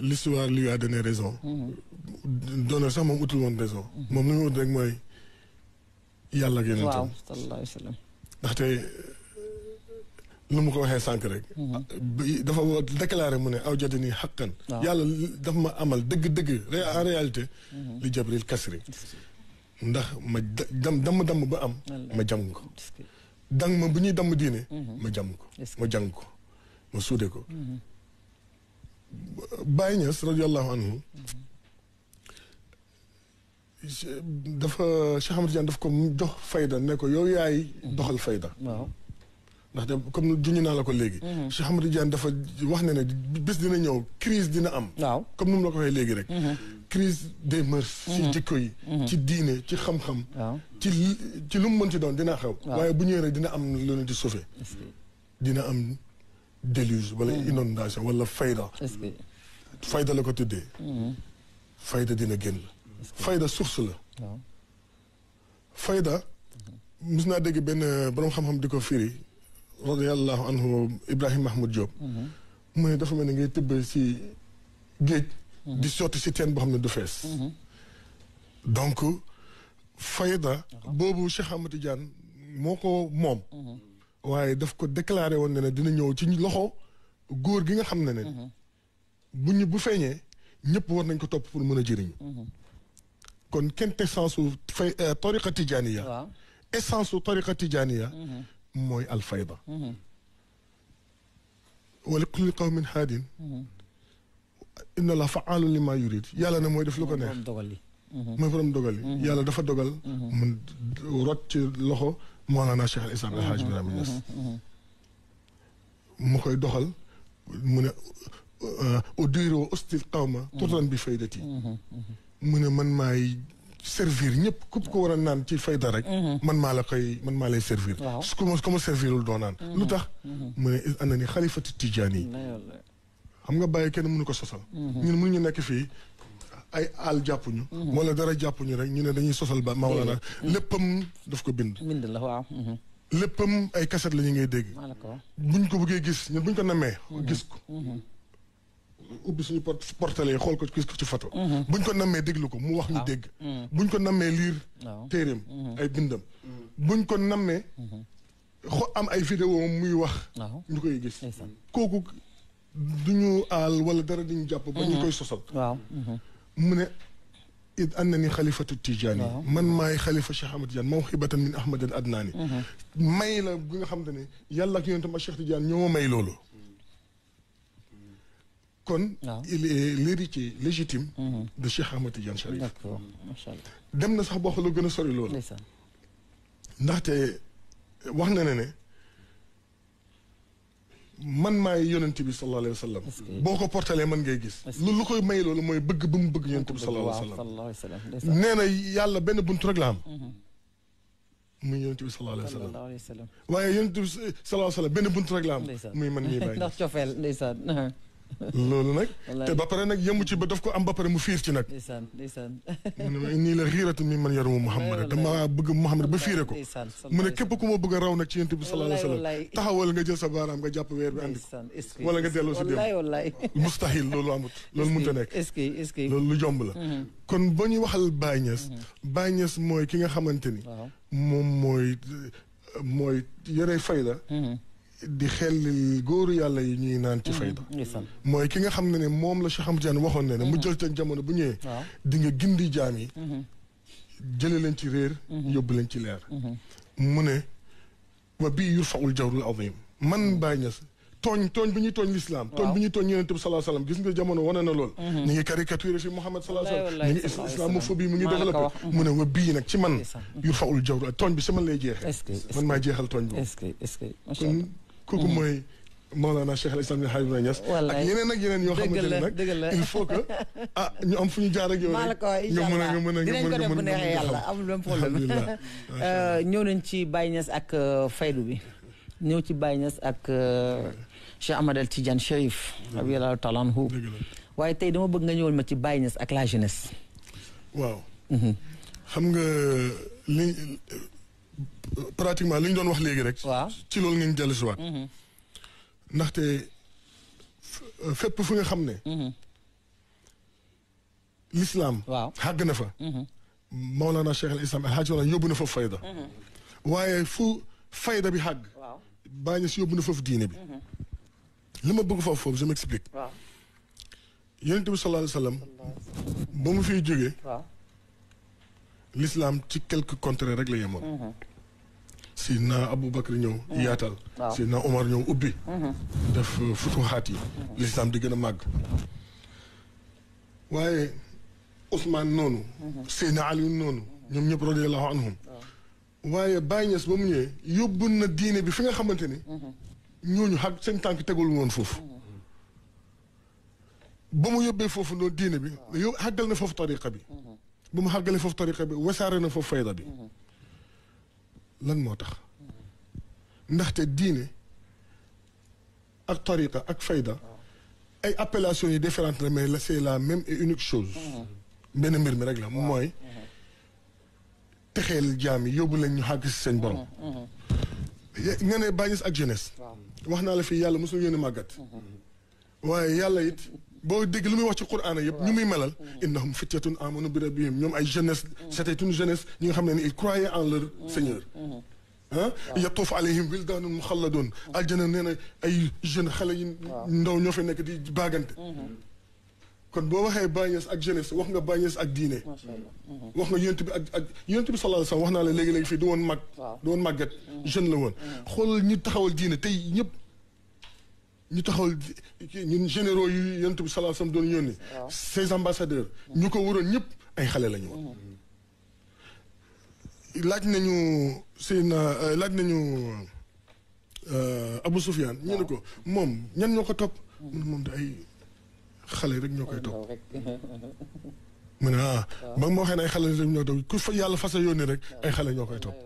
l'histoire lui a donné raison. Donner ça, moom utul woon raison. moom li mu ut rek mooy yàlla la guerre. waaw sallallahu alayhi c'est sallam. ndaxte lu mu ko waxee sànq rek. dafa woo déclaré mu ne aw jotee nii xàqan. yàlla daf ma amal dëgg-dëgg en réalité. li jabril kasri. ndax ma dam damm damm ba am. ma jàng ko. dang ma bu ñuy damm diine. ma jàng ko ma jàng ko ma suude ko. Baye Niass radiyallahu anhu dafa Cheikh Ahmed Tidiane ko jox fayda ne ko yow yaay doxal fayda ndax bu comme juñu naa la ko léegi mhm. Cheikh Ahmed Tidiane wax ne ne bés dina ñëw crise dina am waaw comme nu mu la ko waxee léegi rek mhm. crise des mœurs ci mhm. jikko yi ci diine ci xam ci ci lu mu mënti doon dina xew waaye bu ñëwee rek dina am lu ne di sauver dina am déluge wala mm. inondation wala fayda fayda la ko tuddee mm-hmm. fayda dina génn fayda source fayda mus mm-hmm. naa dégg benn borom xam-xam di ko firi radiallahu anhu Ibrahim Mahmoud Diop mm-hmm. mu ne dafa mel ni ngay tëbb si géej di sotti si teen boo xam ne du fees donc fayda boobu Cheikh Ahmadou Tidiane moo ko moom waaye daf ko déclaré woon ne ne dina ñëw ci loxo góor gi nga xam ne ne. bu ñu bu feeñee ñëpp war nañ ko topp pour mën a jëriñu. kon quintessence su fay tariqa tijaaniya. waaw essence su tariqa tijaaniya. mooy alfayda. wala kulli qawmin haadin. inna la fa'aalun limaa yurid yàlla ne mooy def lu ko neex. mooy borom dogal yi. yàlla dafa dogal. mu rot ci loxo. Mawlana Cheikh al Islam El Hadj Ibrahima Niass mu koy doxal mu ne udiiroo ustil qawma turan bi faydati mu ne man maay servir ñëpp ku ko war a naan ci fayda rek man maa la koy man maa lay servir su ko ma servirul doo naan lu tax mu ne ana ni xalifati tijaani yi xam nga bàyyi kenn mënu ko sosal ñun mënuñu nekk fii ay àll jàppuñu. Mhm. wala dara jàppuñu rek ñu ne dañuy sosal ba Maolana. léppam def ko bind. bind la waaw. Mhm. léppam ay kaset la ñu ngay dégg. buñ ko buggee gis ñun buñ ko namee. Mhm. gis ko. ubbi suñu portale yi xool ko gis ko ci photo buñ ko nammee déglu ko mu wax ñu ah. dégg buñ ko nammee liir téeréem ay bindam buñ ko nammee xo am ay vidéo muy wax ñu koy gis kooku duñu aal wala dara diñu jàpp ba ñu koy sosal من إذ أنني خليفة التجاني نعم. من ماي خليفة شيخ أحمد تجاني موهبة من أحمد الأدناني ميل بن أحمد تجاني يلا كي أنت مشيخ تجاني يوم ماي لولو كون ليريتي ليجيتيم دو شيخ أحمد تجاني شريف ما شاء الله دمنا صاحب واخلو جنا سوري لولو نحتي واحنا نني man maay yonent bi sallallahu alayhi wa sallam boo ko portalee man ngay gis lu lu koy may loolu mooy bëgg bu mu bëgg yonent bi sallallahu alayhi wa sallam nee na yàlla benn buntu rek la am mhm. muy yonent bi sallallahu alayhi wa sallam waaye yonent bi sallallahu alayhi wa sallam benn buntu rek la am muy man ñuy bàyyi [laughs] ndax cofeel ndeysaan [laughs] loolu nag te ba pare nag yemu ci ba daf ko am ba pare mu fiir ci nag ndeysaan ndeysaan mu ne nii la xiiratu mi man yarumu Muhammad dama bëgg Muhammad ba fiire ko mu ne képp ku ma bëgg a raw nag ci yonent bi sallallahu alayhi wasallam taxawal nga jël sa baaraam nga jàpp weer bi andi ko wala nga delloo si dem mustahil loolu amut loolu mënta nekk est-ce que est-ce que loolu lu jomb la mm-hmm. kon ba ñuy waxal Baye Niass mm-hmm. Baye Niass mooy ki nga xamante ni moom mooy mooy yore fayda mm-hmm. di xel góor yàlla yi ñuy naan ci fayda mooy ki nga xam ne ne moom la Cheikh Ahmad Tidiane waxoon ne ne mu jël teen jamono bu ñëwee di nga gindi jaam yi jële leen ci réer yóbbu leen ci leer mu ne wa bii yurfaul jawrul azim man Baye Niass tooñ tooñ bi ñuy tooñ l'islam tooñ bi ñuy tooñ yonent bi sallallahu alayhi wasallam gis nga jamono wane na lool ñu ngi caricature fi Muhammad sallallahu alayhi wasallam ñu ngi islamophobie mu ngi développé mu ne wa bii nag ci man yurfaul jawru tooñ bi si man lay jeexee man maa jeexal tooñ boobu kooku mm-hmm. mooy Maolana Cheikh al Islam El Hadj Ibrahima Niass. ak yeneen ak yeneen yoo xamante [laughs] ah, fu ñu jaar ak yow rek. nga mën a nga mën a nga [laughs] euh, ñëw ci Baye ak euh, faydu bi ñëw ci Baye ak euh, Cheikh Ahmad al Tidiane Chérif. radiyallahu taala anhu waaye bëgg nga ñëwal ma ci Baye Niass ak la jeunesse. pratiquement li ñu doon wax léegi rek. waaw ci loolu ngeen jël si waat. ndaxte fépp fu nga xam ne. lislaam. waaw xàgg na fa. Maulana Cheikh al Islam El Hadj Wala yóbbu na fa fayda. waaye fu fayda bi xàgg. waaw baa ñu si yóbbu na foofu diine bi. li ma bëgg foofu foofu je m'explique. waaw yonent bi sallallahu alayhi wa sallam ba mu fiy jógee. waaw l'islam ci quelques contre rek la yemoon. Mhm. si na Aboubacar ñëw. Mhm. yaatal si na ñëw ubbi. Mhm. def euh, futuhaat yi. l'islam di gën a màgg. waaye Ousmane noonu. Seyna Ali noonu. ñoom ñëpp radiyallahu anhum waaye Baye Niass ba mu ñëwee yóbbu na diine bi fi nga xamante ni. ñooñu xam seen tànk tegul woon foofu. ba mu yóbbee foofu noonu diine bi. yow xàggal na foofu tariqa bi. ba mu xàggale foofu tariqa bi wasaare na foofu fayda bi lan moo tax ndaxte diine ak tariqa ak fayda ay appellations yi différentes la mais la c'est la même et unique chose benn mbir mi rek la mooy texeel jaam yi yóbbu lañ ñu xàgg si seen borom nga ne bàññis ak jeunesse wax naa la fii yàlla mosul yéen a màggat waaye yàlla it boo dégg lu muy wax ci quran yëpp ñu muy melal innahum fityatun amanu bi rabbihim ñoom ay jeunesse c'était une jeunesse ñi nga xam ne ni ils croyaient en leur seigneur ah yatuuf alayhim wildaanun muxalladun aljana nee na ay jeune xale yi ndaw ñoo fi nekk di baagante kon boo waxee bàññees ak jeunesse wax nga bàññees ak diine wax nga yonent bi ak ak yonent bi sallallahu alayhi wasallam wax naa la léegi-léegi fii du woon mag du woon màgget jeune la woon xoolal ñi taxawal diine tey ñëpp ñu taxawal ñu généraux yi yonent bi sallallahu alayhi wasallam doon yónni ces ambassadeurs ñu ko waroon ñëpp ay xale la ñu woon laaj nañu Seydina euh, laaj nañu euh, Abu Sufyaan ñu ni ko moom ñan ñoo ko topp hmm. mu ne moom da ay xale rek ñoo koy topp [laughs] mu ne ah ba ma waxee ne ay xale ñoo koy topp ku fa yàlla fasa yónni rek ay xale ñoo koy topp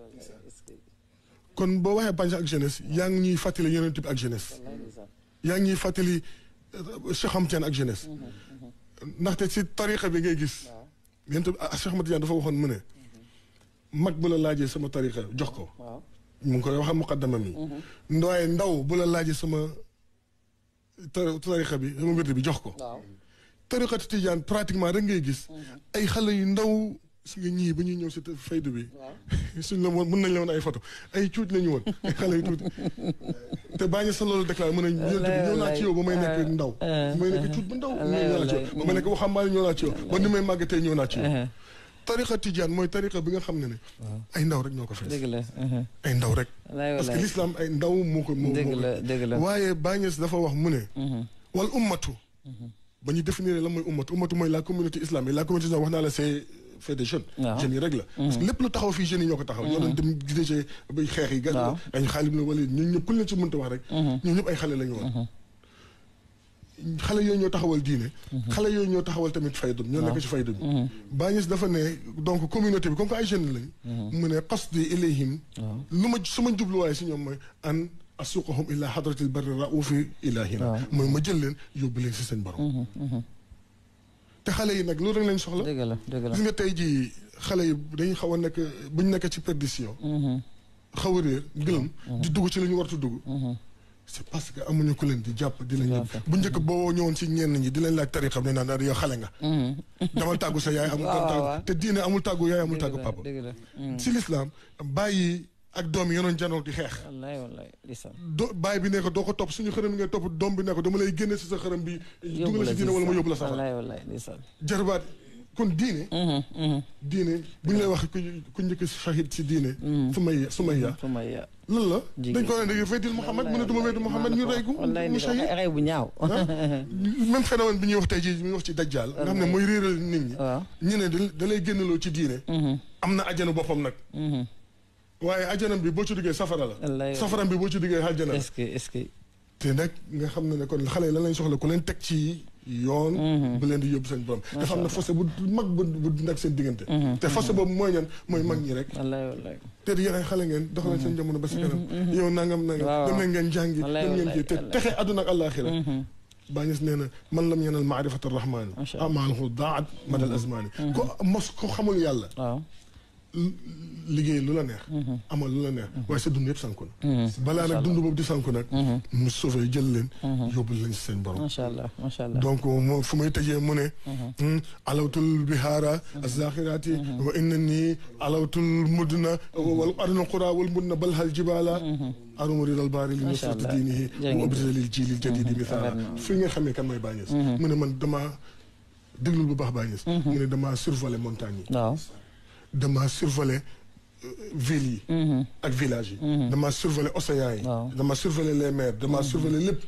kon boo waxee bàncax ak jeunesse yaa ngi ñuy fàttali yonent bi ak jeunesse yaa ngi fàttali euh, Cheikh Ahmad Tidiane ak jeunesse. Mm-hmm, mm-hmm. ndaxte ci tariqa bi ngay gis. yéen itam ah, Cheikh Ahmad Tidiane dafa waxoon mu ne. Mm-hmm. mag bu la laajee sama tariqa jox ko. mu ngi koy waxal muqaddama mi. ndooy ndaw bu la laajee sama tariqa bi sama mbir bi jox ko. tariqatu Tidiane pratiquement rek ngay gis. ay xale ndaw. si nga ñii ba ñuy ñëw si faydu bi [laughs] suñ la woon mën nañ la woon ay photo ay cuuj la ñu woon ay [laughs] xale yu tuuti te bàññi sa loolu déclaré mën a ñëw naa ci yow nekk ndaw ba may nekk cuuj bu ndaw ñëw naa ci yow ba may nekk uh-huh. uh-huh. waxambaane ñëw naa ci yow ba ni ñëw naa ci yow uh-huh. tariqa tijaan mooy tariqa bi nga xam ne ne ay ndaw rek ñoo ko fees dëgg la ay ndaw rek parce que l'islam ay ndaw moo ko moo ko waaye bàññees dafa wax mu ne wal ummatu ba ñu définir la mooy ummatu ummatu mooy la communauté islamique la communauté islamique wax naa la c'est fait des jeunes jeunes yi rek la parce que lépp lu taxaw fii jeunes yi ñoo ko taxaw ñoo doon dem dirigé bay xeex yi ga ay xaalim la wala ñun ñëpp ku leen ci mënta wax rek ñun ñëpp ay xale la ñu woon xale yooyu ñoo taxawal diine xale yooyu ñoo taxawal tamit fayda bi ñoo nekk ci fayda bi bàñes dafa ne donc communauté bi comme que ay jeunes lañ mu ne qasdi ilayhim lu ma su ma jubluwaay si ñoom mooy an asuqahum ila hadratil barri raufi ilahina mooy ma jël leen yóbbu leen si seen borom te xale yi nag loolu rek lañ soxla. dëgg la dëgg la gis tey jii xale yi dañuy xaw a nekk bu ñu nekk ci perdition. Mm-hmm. xaw a réer mm-hmm. di dugg ci lañu wartu dugg. Mm-hmm. c'est parce que amuñu ku leen di jàpp di leen bu njëkk boo ñëwoon ci ñenn ñi di leen laaj tari xam ne naan yow xale nga damal tàggu sa yaay amul [laughs] tàggu te diine amul tàggu yaay amul tàggu papa ci mm. lislaam bàyyi ak doom yi yenoon janoog di xeex wallaay wallaay do baay bi ne ko doo ko topp suñu xërëm ngay topp doom bi ne ko dama lay génne si sa xërëm bi dugal si diine wala ma yóbbu la sax wallaay wallaay jarbaat kon diine mm-hmm, mm-hmm. diine bu ñu lay wax ku njëkk shahid si diine mm-hmm. su may su may yaa lan la dañ ko ne weydil Mouhamed mu ne duma weydi Mouhamed ñu rey ko mu shahid rey bu ñaaw [laughs] ah? même phénomène bi ñuy wax tey jii ñuy wax ci dajjal nga xam ne mooy réeral nit ñi ñu ne da lay génnaloo ci diine am na ajjana boppam nag waaye ajanam bi boo ci duggee safara la. safaram bi boo ci duggee aljana la. est te nag nga xam na ne kon xale yi lan lañ soxla ku leen teg ci yoon. Mm-hmm. leen di yóbbu seen borom. te xam na fossé bu mag bu bu nag seen diggante. Mm-hmm. te fossé boobu mooy ñan mooy mag ñi rek. wallaay wallaay. te di ngeen dox seen mm-hmm. jamono ba si kanam. yow nangam nangam. waaw dem ngeen jàngi. wallaay ngeen ji te texe àdduna ak àllaaxira baañes nee na man lam yenal maarifata rahmaani. macha allah amaanahu daat madal asmaani. ko mos ko xamul yàlla. liggéey lu la neex mhm. amal lu la neex mhm. waaye sa dund yëpp sànku na mhm. balaa nag dund boobu di sànku nag mu sauvé jël leen yóbbul leen si seen borom macha allah macha allah donc moo fu may tëjee mu ne hmm, alawtul bihaara azzaxiraati wa inna nii alawtul mudna wal arna qura wal mudna bal hal jibaala aromo ridal baari li nusrati diinihi wa abdalil jiilil jadiidi fi nga xamee kan mooy mu ne man dama déglul bu baax bàññees mu ne dama survolé montagne dama surveiller euh, ville mhm. ak village yi. Mhm. dama surveiller océan yi. dama surveiller les mers dama mhm. surveiller lépp.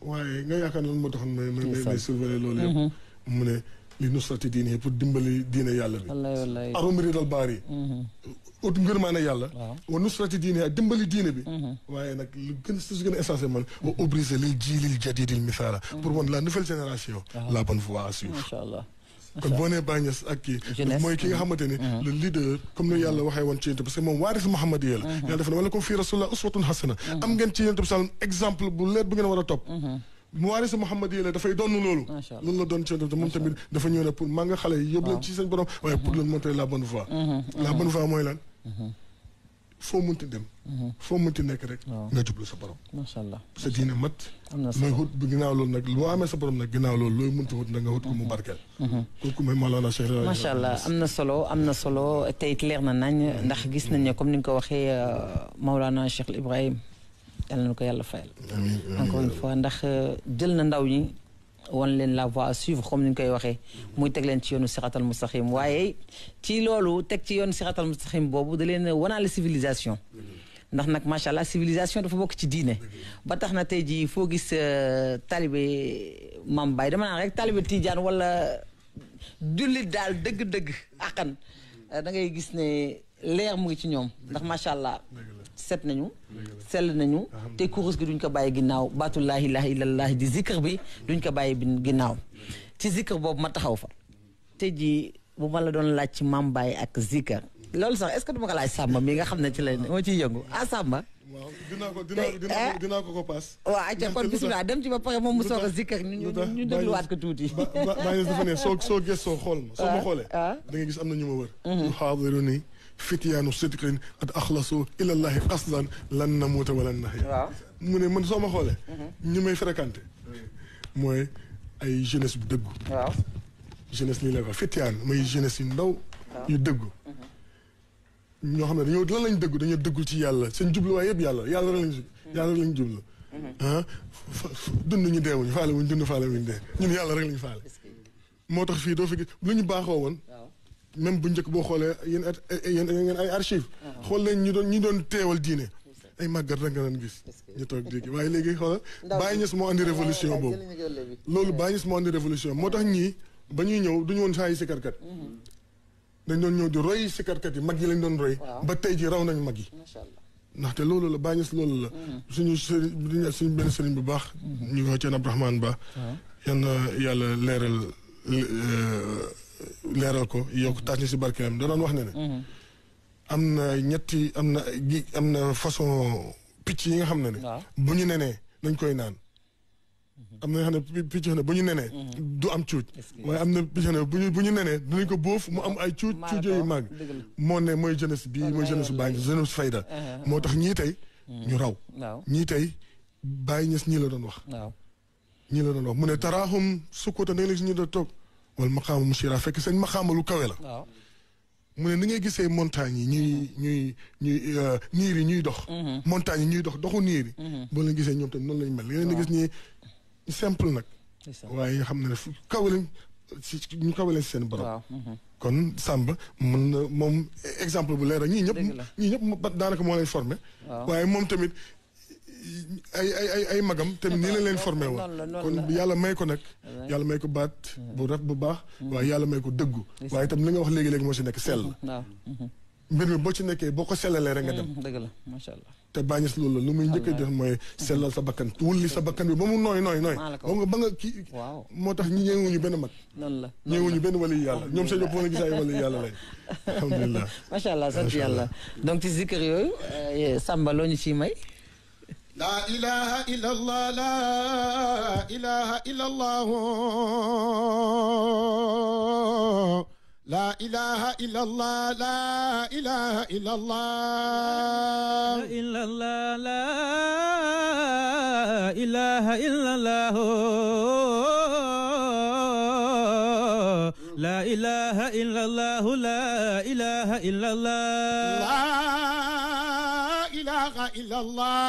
waaye nga yaakaar noonu moo taxoon may may loolu yëpp. mu ne li nusrati diine pour dimbali diine yàlla bi. wallaahi wallaahi dal baar yi. ut ngërmaane yàlla. wa nusrati diine ak dimbali diine bi. waaye nag lu gën su gën a essentiel man. wa obliger lil jiilil jadidil misaala. pour wan la nouvelle génération. la bonne voie à suivre. kon boo nee Baye mooy ki nga mm-hmm. xamante ni mm-hmm. leader comme ni mm-hmm. yàlla waxee woon ci yonent parce que moom waaris Muhammad yi na wala ko fii rasulullah uswatun hasana am dafay donn loolu loolu xale yi yóbbu leen ci seen borom waaye pour la bonne voie la bonne voie mooy foo mënti dem. Mhm. foo mënti nekk rek. nga jublu sa borom. macha allah sa diine mat. am na solo bi ginnaaw loolu nag loo amee sa borom nag nga wut ko mu mhm. barkeel. Mhm. kooku mooy Mawlana Cheikh. macha allah am na solo am na solo tey it leer na nañ ndax gis nañ ne comme ni nga ko waxee euh, Mawlana Cheikh Ibrahim yal na ko yàlla fayal. ndax euh, jël na ndaw ñi. wan leen la voie à suivre comme ni ñu koy waxee muy teg leen ci yoonu siratal mustaqim waaye ci loolu teg ci yoonu siratal mustaqim boobu da leen wanaale civilisation ndax nag macha allah civilisation dafa bokk ci diine ba tax na tey jii foo gis euh, talibe mam baay dama naa rek talibe tijaan wala jullit daal dëgg-dëgg akan euh, da ngay gis ne leer mu ci ñoom ndax macha allah set nañu sel nañu te kurus gi duñ ko bàyyi ginnaaw baatu laa ilaaha illallaah di zikr bi duñ ko bàyyi ginnaaw ci zikr boobu ma taxaw fa te ji bu ma la doon laaj ci maam Baye ak zikr loolu sax est-ce que du ma ko laaj Samba mi nga xam ne ci la moo ciy yëngu a ah, Samba waaw dinaa ko dinaa ko ko paas. waaw ayca kon bisimilah dem ci ba pare moom mu soog a zikk ak ñu ñu dégluwaat ko tuuti. ba ba dafa ne soo soo xool ma. soo ma ah, xoolee. Ah. da gis am na ñu ma wër. Mhm. فتيان صدق قد أخلصوا إلى الله قصدا لن نموت ولن نحيا من من سوما soo ني xoolee ñi موي اي جينيس ay jeunesse جينيس لي لا فتيان la جينيس ندو يو دغ ño xamne dañu dëggu lan lañ dëggu dañoo dëggu ci yàlla seen djublu way yeb yàlla yàlla lañ yàlla lañ djublu han dund ñu deewu ñu faale wuñ dund faale wuñ de ñun yàlla rek lañ faale motax fi do fi luñu baxo won même bu njëkk boo xoolee yéen eh, yéen yéen ay archive ah. xool nañ ñu doon ñu doon teewal diine ay màggat rek nga doon gis ñu toog dégg waaye léegi xoolal Baye Niass moo andi ah, révolution boobu loolu Baye Niass moo andi révolution moo tax ñii ba ñuy ñëw du ñu woon saa yi sikarkat mm-hmm. dañ doon ñëw di roy sikarkat yi mag yi lañ doon roy ba tey ji raw nañu mag yi ndaxte loolu la Baye Niass loolu la mm-hmm. suñu sëriñ suñu benn sëriñ bu baax mm-hmm. ñu ko ceen Abdourahmane Ba yan yàlla leeral euh, leeral ko yokk taas ñu si barkeem da doon wax ne mhm. am na ñetti am na am na façon picc yi nga xam ne ne bu ñu nenee nañ koy naan mhm. am na nga xam ne bu ñu nenee mhm. du am cuuc waaye am na picc xam ne bu ñu nenee dinañ ko bóof mu am ay cuuc cuuc yooyu màgg moo ne mooy jeunesse bii mooy jeunesse baa ngi jeunesse fayda uh-huh. moo tax ñii tey mm. ñu raw ñii tey bàyyi ñes ñii la doon wax ñii la doon wax mu ne taraahum sukkuta da nga leen si ñu doon toog wala maqaama mushira fekk seen maqaama lu la. mu ne ni ngay gisee montagnes yi ñuy mm-hmm. ñuy ñuy euh, niir yi ñuy dox. Mm-hmm. montagnes yi ñuy dox doxu niir yi. Mm-hmm. boo leen ñoom tamit noonu lañ mel. waaw gis ni simple nag. waaye nga xam ne fu kawe lañ si ñu kawe seen borom. kon samb mën na moom e-, exemple bu leer rek ñii ñëpp. ñii ñëpp daanaka moo leen formé. waaye moom tamit ay ay ay magam te nii la leen formé woon kon yàlla may ko nag yàlla may ko baat mm-hmm. bu raf bu baax mm-hmm. waaye yàlla may ko dëggu waaye itam li nga wax léegi-léegi moo ci nekk sell mm-hmm. mbir mi boo ci nekkee boo ko sellalee rek nga dem dëgg la macha allah te bàñes loolu la lu muy njëkk a def mooy sellal sa bakkan wulli sa bakkan bi ba mu nooy nooy nooy ba nga ba nga kii waaw moo tax ñi ñeewuñu benn mag noonu la ñeewuñu benn wali yàlla ñoom sa jopp mën a gis ay wali yàlla lay [laughs] alhamdulilah macha allah sant yàlla donc ci zikr yooyu euh, loo ñu ciy may لا إله إلا الله لا إله إلا الله لا إله إلا الله لا إله إلا الله لا إلا الله لا إله إلا الله لا إله إلا الله لا إله إلا الله لا إله إلا الله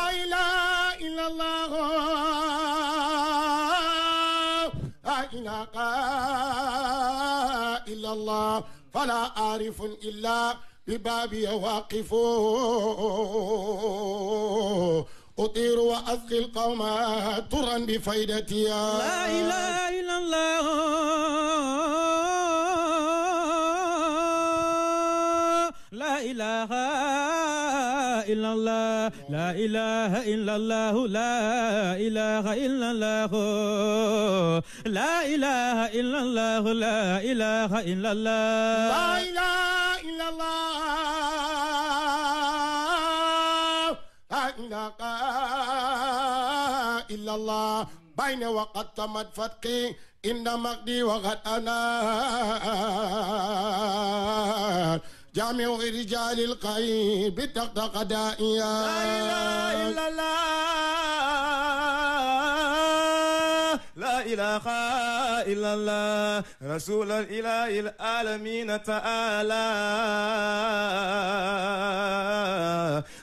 ولا عارف إلا ببابي واقف أطير وأسقي القوم ترا بفائدتي لا إله إلا الله لا إله إلا الله لا إله إلا الله لا إله إلا الله لا إله إلا الله لا إله إلا الله لا إله إلا الله لا إله إلا الله بين وقد تمت فتقي إن مقدي وقد أنا جامع رجال القيب تقطق دائيا لا إله إلا الله لا إله إلا الله رسول الإله العالمين تعالى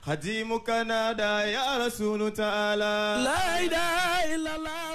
خديمك نادى يا رسول تعالى لا إله إلا الله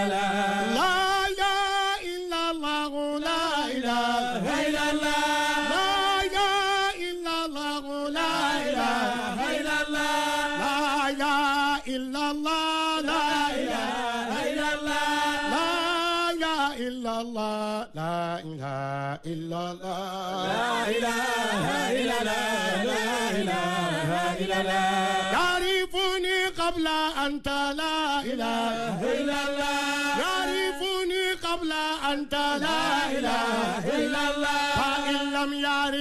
إلا الله لا إله إلا الله لا إله إلا الله تعرفني قبل أنت لا إله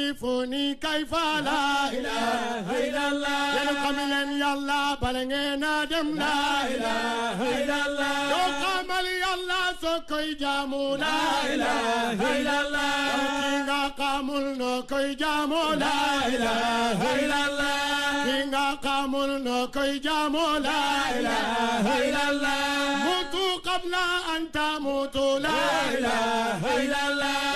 yuarifuni kayfa laa ilaaha illallah yéen xam leen yàlla bala ngeen a dem laa ilaaha illallah doo xamal yàlla soo koy jaamu laa ilaaha illallah ki nga xamul noo koy jaamu laa ilaaha illallah ki nga xamul noo koy jaamu laa ilaaha illallah mutu qabla an tamutu laa ilaaha illallah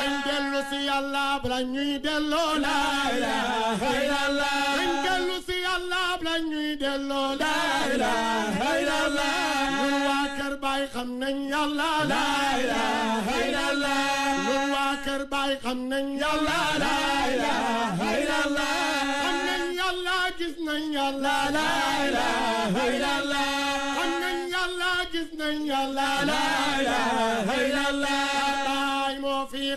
yàlla bala ñuy delloo la ilaha illallah ñu dellu si yàlla bala ñuy delloo la ilaha illallah ñun waa kër Baay xam nañ yàlla la ilaha illallah ñun waa kër Baay xam nañ yàlla la ilaha illallah xam nañ yàlla gis nañ yàlla la ilaha illallah xam nañ yàlla gis nañ yàlla la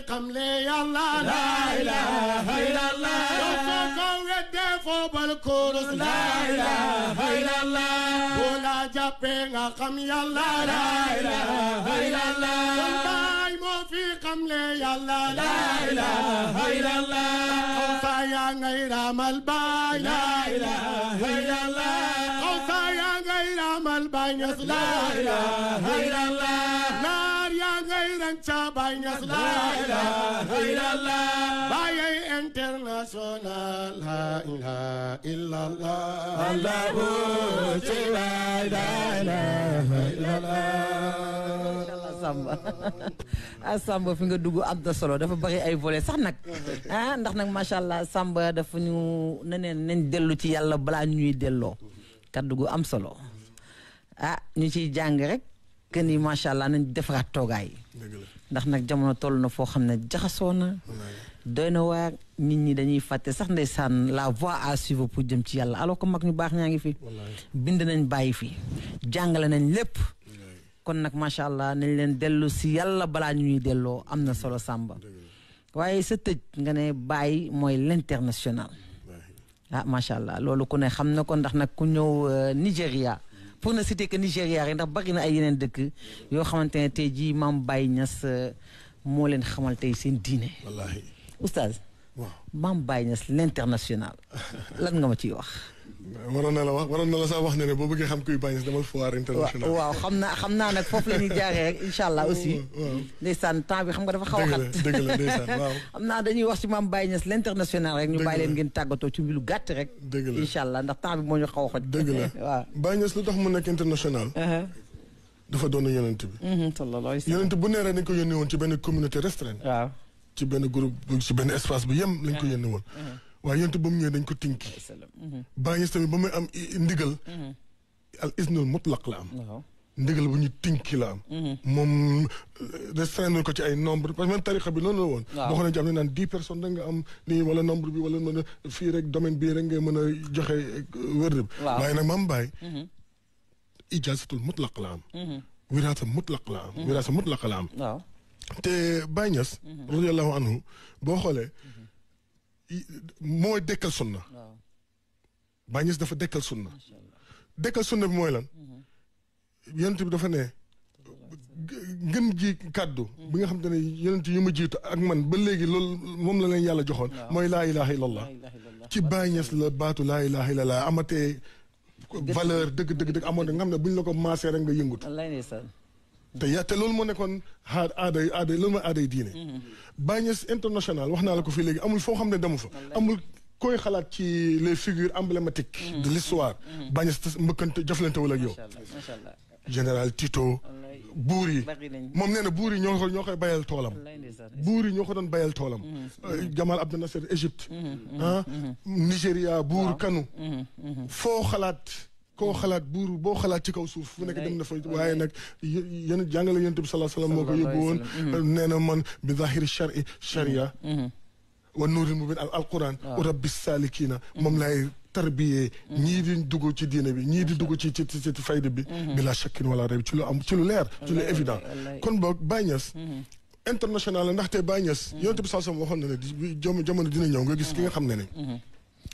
xamle yàlla la ilaha illallah foo ko wedde foo bal kurus la ilaha illallah boo la jàppe nga xam yàlla la ilaha illallah baay moo fi xamle yàlla la ilaha illallah xaw sa yaa ngay raamal baay la ilaha illallah xaw sa yaa ngay raamal baay ñas la ilaha illallah nan ca Baay Ñas la international la ilaha illallah Allahu ci Baay la ilaha illallah Samba Samba fi nga dugg am na solo dafa bari ay volet sax nag ah ndax nag macha Samba dafa ñu nene nañ dellu ci yàlla balaa ñuy delloo kaddu gu am solo ah ñu ciy jàng rek que ni nañ defaraat toogaay ndax nag jamono toll na foo xam ne jaxasoo na doy na waar nit ñi dañuy fàtte sax ndeysaan la voie à suivre pour jëm ci yàlla alors ko mag ñu baax ñaa ngi fi bind nañ bàyyi fi jàngale nañ lépp kon nag macha allah nañ leen dellu si yàlla balaa ñu ñuy delloo am na solo sàmba waaye sa tëj nga ne bàyyi mooy l'international ah macha allah loolu ku ne xam na ko ndax nag ku ñëw euh, Nigéria pour ne citer que Nigéria rek ndax bari na ay yeneen dëkk yoo xamante ne tey jii maam Baye ñas euh, moo leen xamal tey seen diine. wallaahi maam Baye Niass l'international [laughs] lan nga ma ciy wax. waroon na la wax waroon na la sax wax ne ne boo bëggee xam kuy Baye Niass demal foire international. waaw xam naa xam naa nag foofu la ñuy jaaree rek incha allah [laughs] aussi. ndeysaan temps bi xam nga dafa xaw a xat. dëgg la ndeysaan [laughs] waaw. xam naa dañuy wax ci maam Baye Niass l'international rek. ñu bàyyi leen ngeen tàggatoo ci mbiru gàtt rek. dëgg la incha allah ndax temps bi moo ñu xaw a xat. dëgg la waaw Baye Niass lu tax mu nekk international. Uh-huh. dafa doon yonent bi. Mhm, sallallahu alayhi wa sallam yonent bu neeree dañ ko yónnee woon ci benn communauté restreinte. waaw ci benn groupe ci benn espace bu yem lañ ko yónni woon waaye yonent ba mu ñëwee dañ ko tinki bàyyi tamit ba muy am ndigal al isnul mutlaq la am ndigal bu ñu tinki la am moom restreindre ko ci ay nombre parce que même tarixa bi noonu la woon boo xam ne ci am ne naan dix personnes da nga am nii wala nombre bi wala mën a fii rek domaine bii rek ngay mën a joxe eh, wërd bi waaye nag maam Baye ijaazatul mutlaq la am wiraasa mutlaq la am wiraasa mutlaq la am te Baye Niass. Mhm. radiyallahu anhu boo xoolee. Mhm. mooy dekkal sunna. Baye dafa dekkal sunna. dekkal sunna bi mooy lan. Mhm. yonent bi dafa ne. ngën ji kàddu bi nga xam te ne yonent yu ma jiitu ak man ba léegi loolu moom la leen yàlla joxoon mooy laa ilaha illallah ci Baye Niass la baatu laa ilaha illallah amatee valeur dëgg dëgg dëgg amoon nga xam ne bu ñu la ko maasee rek nga yëngutu te ya te loolu moo nekkoon xaar ade aaday loolu mooy aaday diine. Bagnès international waxna naa la ko fii léegi amul fo xamne demu fa. amul koy xalat ci les figures emblématiques. de l'histoire Bagnès mbeukante jëflante wala yo général Tito. buur mom moom nee na buur ñoo ñoo koy bayal tolam buur yi ñoo ko doon bayal tolam jamal Abdel Nasser Égypte. ah Nigéria buur kanu. fo xalat koo xalaat buur boo xalaat ci kaw suuf fu nekk dem na fa waaye nag yéen jàngale yonent bi salaa salaam moo ko yóbbu woon euh, na man bi zahiri shari sharia mm-hmm. Mm-hmm. wa nuuril mubin al alquran rabbi salikina mm-hmm. moom laay tarbiyee ñii di dugg ci diine bi ñii di dugg ci ci ci fayda bi bi la shakkin wala rayb ci lu am ci lu leer ci lu évident kon boog bàññees international la ndaxte bàññees yonent bi salaa salaam waxoon na ne jamono dina ñëw nga gis ki nga xam ne ne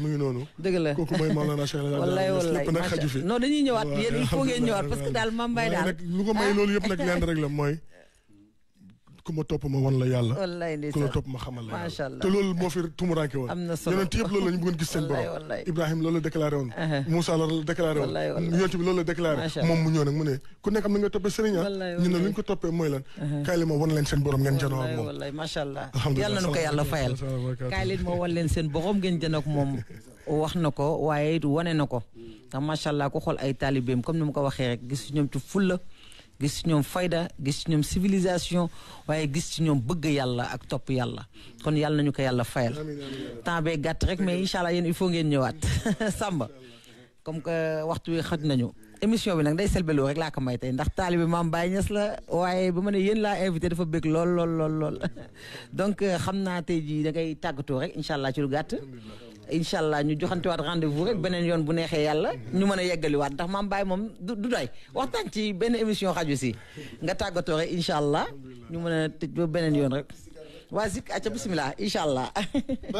mu ngi noonu. dëgg la kooku mooy Maolana Cheikh El Hadj Abdoulaye Niass lépp nag xaju daal Mame Mbaye [laughs] daal. nag may ah. loolu yëpp nag lenn rek la mooy. ku ma topp ma wan la yàlla. wallaay ku la topp ma xamal la yàlla. macha allah te loolu moo fi tumuranke woon. am na solo yonent yëpp loolu la ñu bëggoon gis seen borom. Ibrahima loolu ku nekk ah. mooy lan. kaay leen ma wan leen seen borom ngeen janoo moom. [laughs] wax na ko wane na ko. allah ku xool ay taalibeem comme ni mu ko gis ñoom ci fulla gis ci ñoom fayda gis ci ñoom civilisation waaye gis ci ñoom bëgg yàlla ak topp yàlla kon yàlla nañu ko yàlla fayal temps gàtt rek mais incha allah yéen il faut ngeen ñëwaat [laughs] Samba comme que waxtu wi xat nañu émission bi nag day selbeloo rek laa ko may tey ndax taalibe maam Baye Niass la waaye ba ma ne yéen laa invité dafa bëgg lool lool lool lool [laughs] donc xam naa tey jii da ngay tàggatoo rek incha allah ci lu gàtt. incha allah ñu joxantewaat rendez-vous rek beneen yoon bu neexee yàlla ñu mën a yeggaliwaat ndax maam Baye moom du du doy waxtaan ci benn émission rajo si nga tàggatoo rek incha allah ñu mën a tëj beneen yoon rek waa Zik aca bisimilah incha allah. allah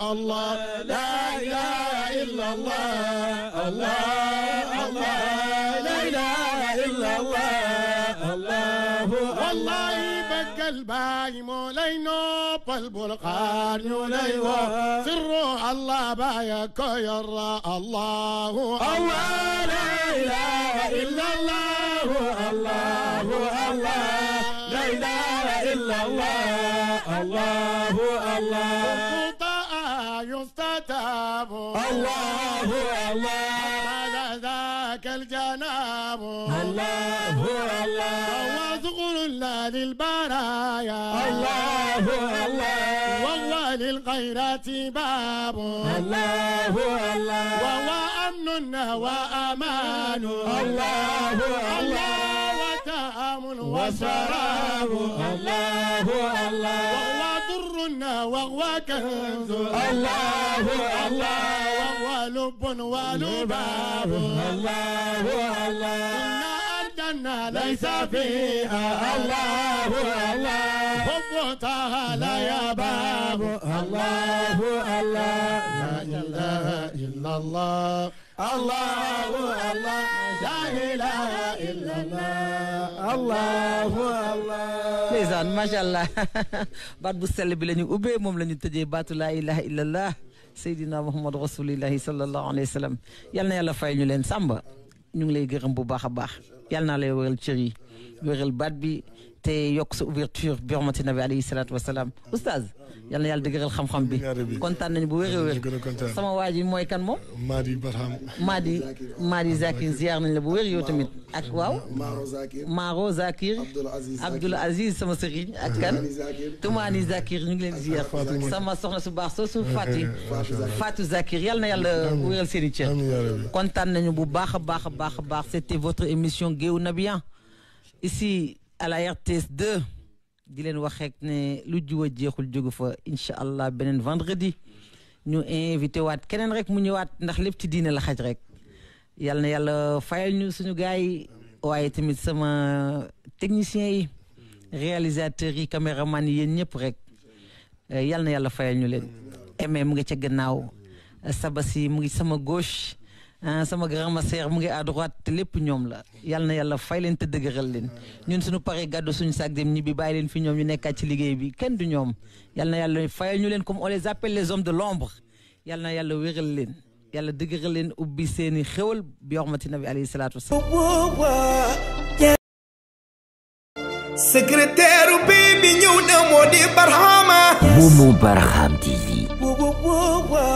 allah la ilaha illa allah allah la ilaha illa allah الله يبقى الباي مولاي نوب البرقان يوليو سر الله بايك كيرا الله الله لا اله الا الله الله الله لا اله الا الله الله الله يستتاب الله الله يا الله الله والله للخيرات باب الله الله وهو أمن وأمان الله الله وتآمن وسراب الله الله وهو در وهو كنز الله الله وهو لب ولباب الله الله أن ليس فيها الله الله حب تعالى يا باب الله الله لا إله إلا الله الله الله لا إله إلا allah [laughs] bu sell bi la ñu ubbee moom la ñu tëjee baatu laa ilaha illallah muhammad rasulillahi yal na yàlla fay ñu leen sàmba ñu ngi lay gërëm bu baax a baax yàlla naa lay wéral cër yi wéral baat bi ouverture c'était votre émission ici à la RTS2 di leen wax rek ne lu juwa jeexul jógu fa incha allah beneen vendredi ñu invité waat keneen rek mu ñëwaat ndax lépp ci diine la xaj rek yal na yàlla fayal ñu suñu gars yi waaye tamit sama techniciens yi réalisateurs yi caméraman yi yéen ñëpp rek yal na yàlla fayal ñu leen. Aimé mu ngi ca gannaaw Sabasi mu ngi sama gauche. Ah, sama grand ma sœur mu ngi à droite lépp ñoom la yal na yàlla fay leen te dëgëral leen ñun suñu paré gaddu suñu saak dem ñibbi bay leen fi ñom ñu nekkaat ci liggéey bi kenn du ñom yal na yàlla fayal ñu leen comme on les appelle les hommes de l'ombre yal na yàlla wéral leen yalla dëgëral leen ubbi seeni xewal bi xormati nabi alayhi salaatu wasalaam secrétaire bi bi ñëw na moo di Barhama Barham TV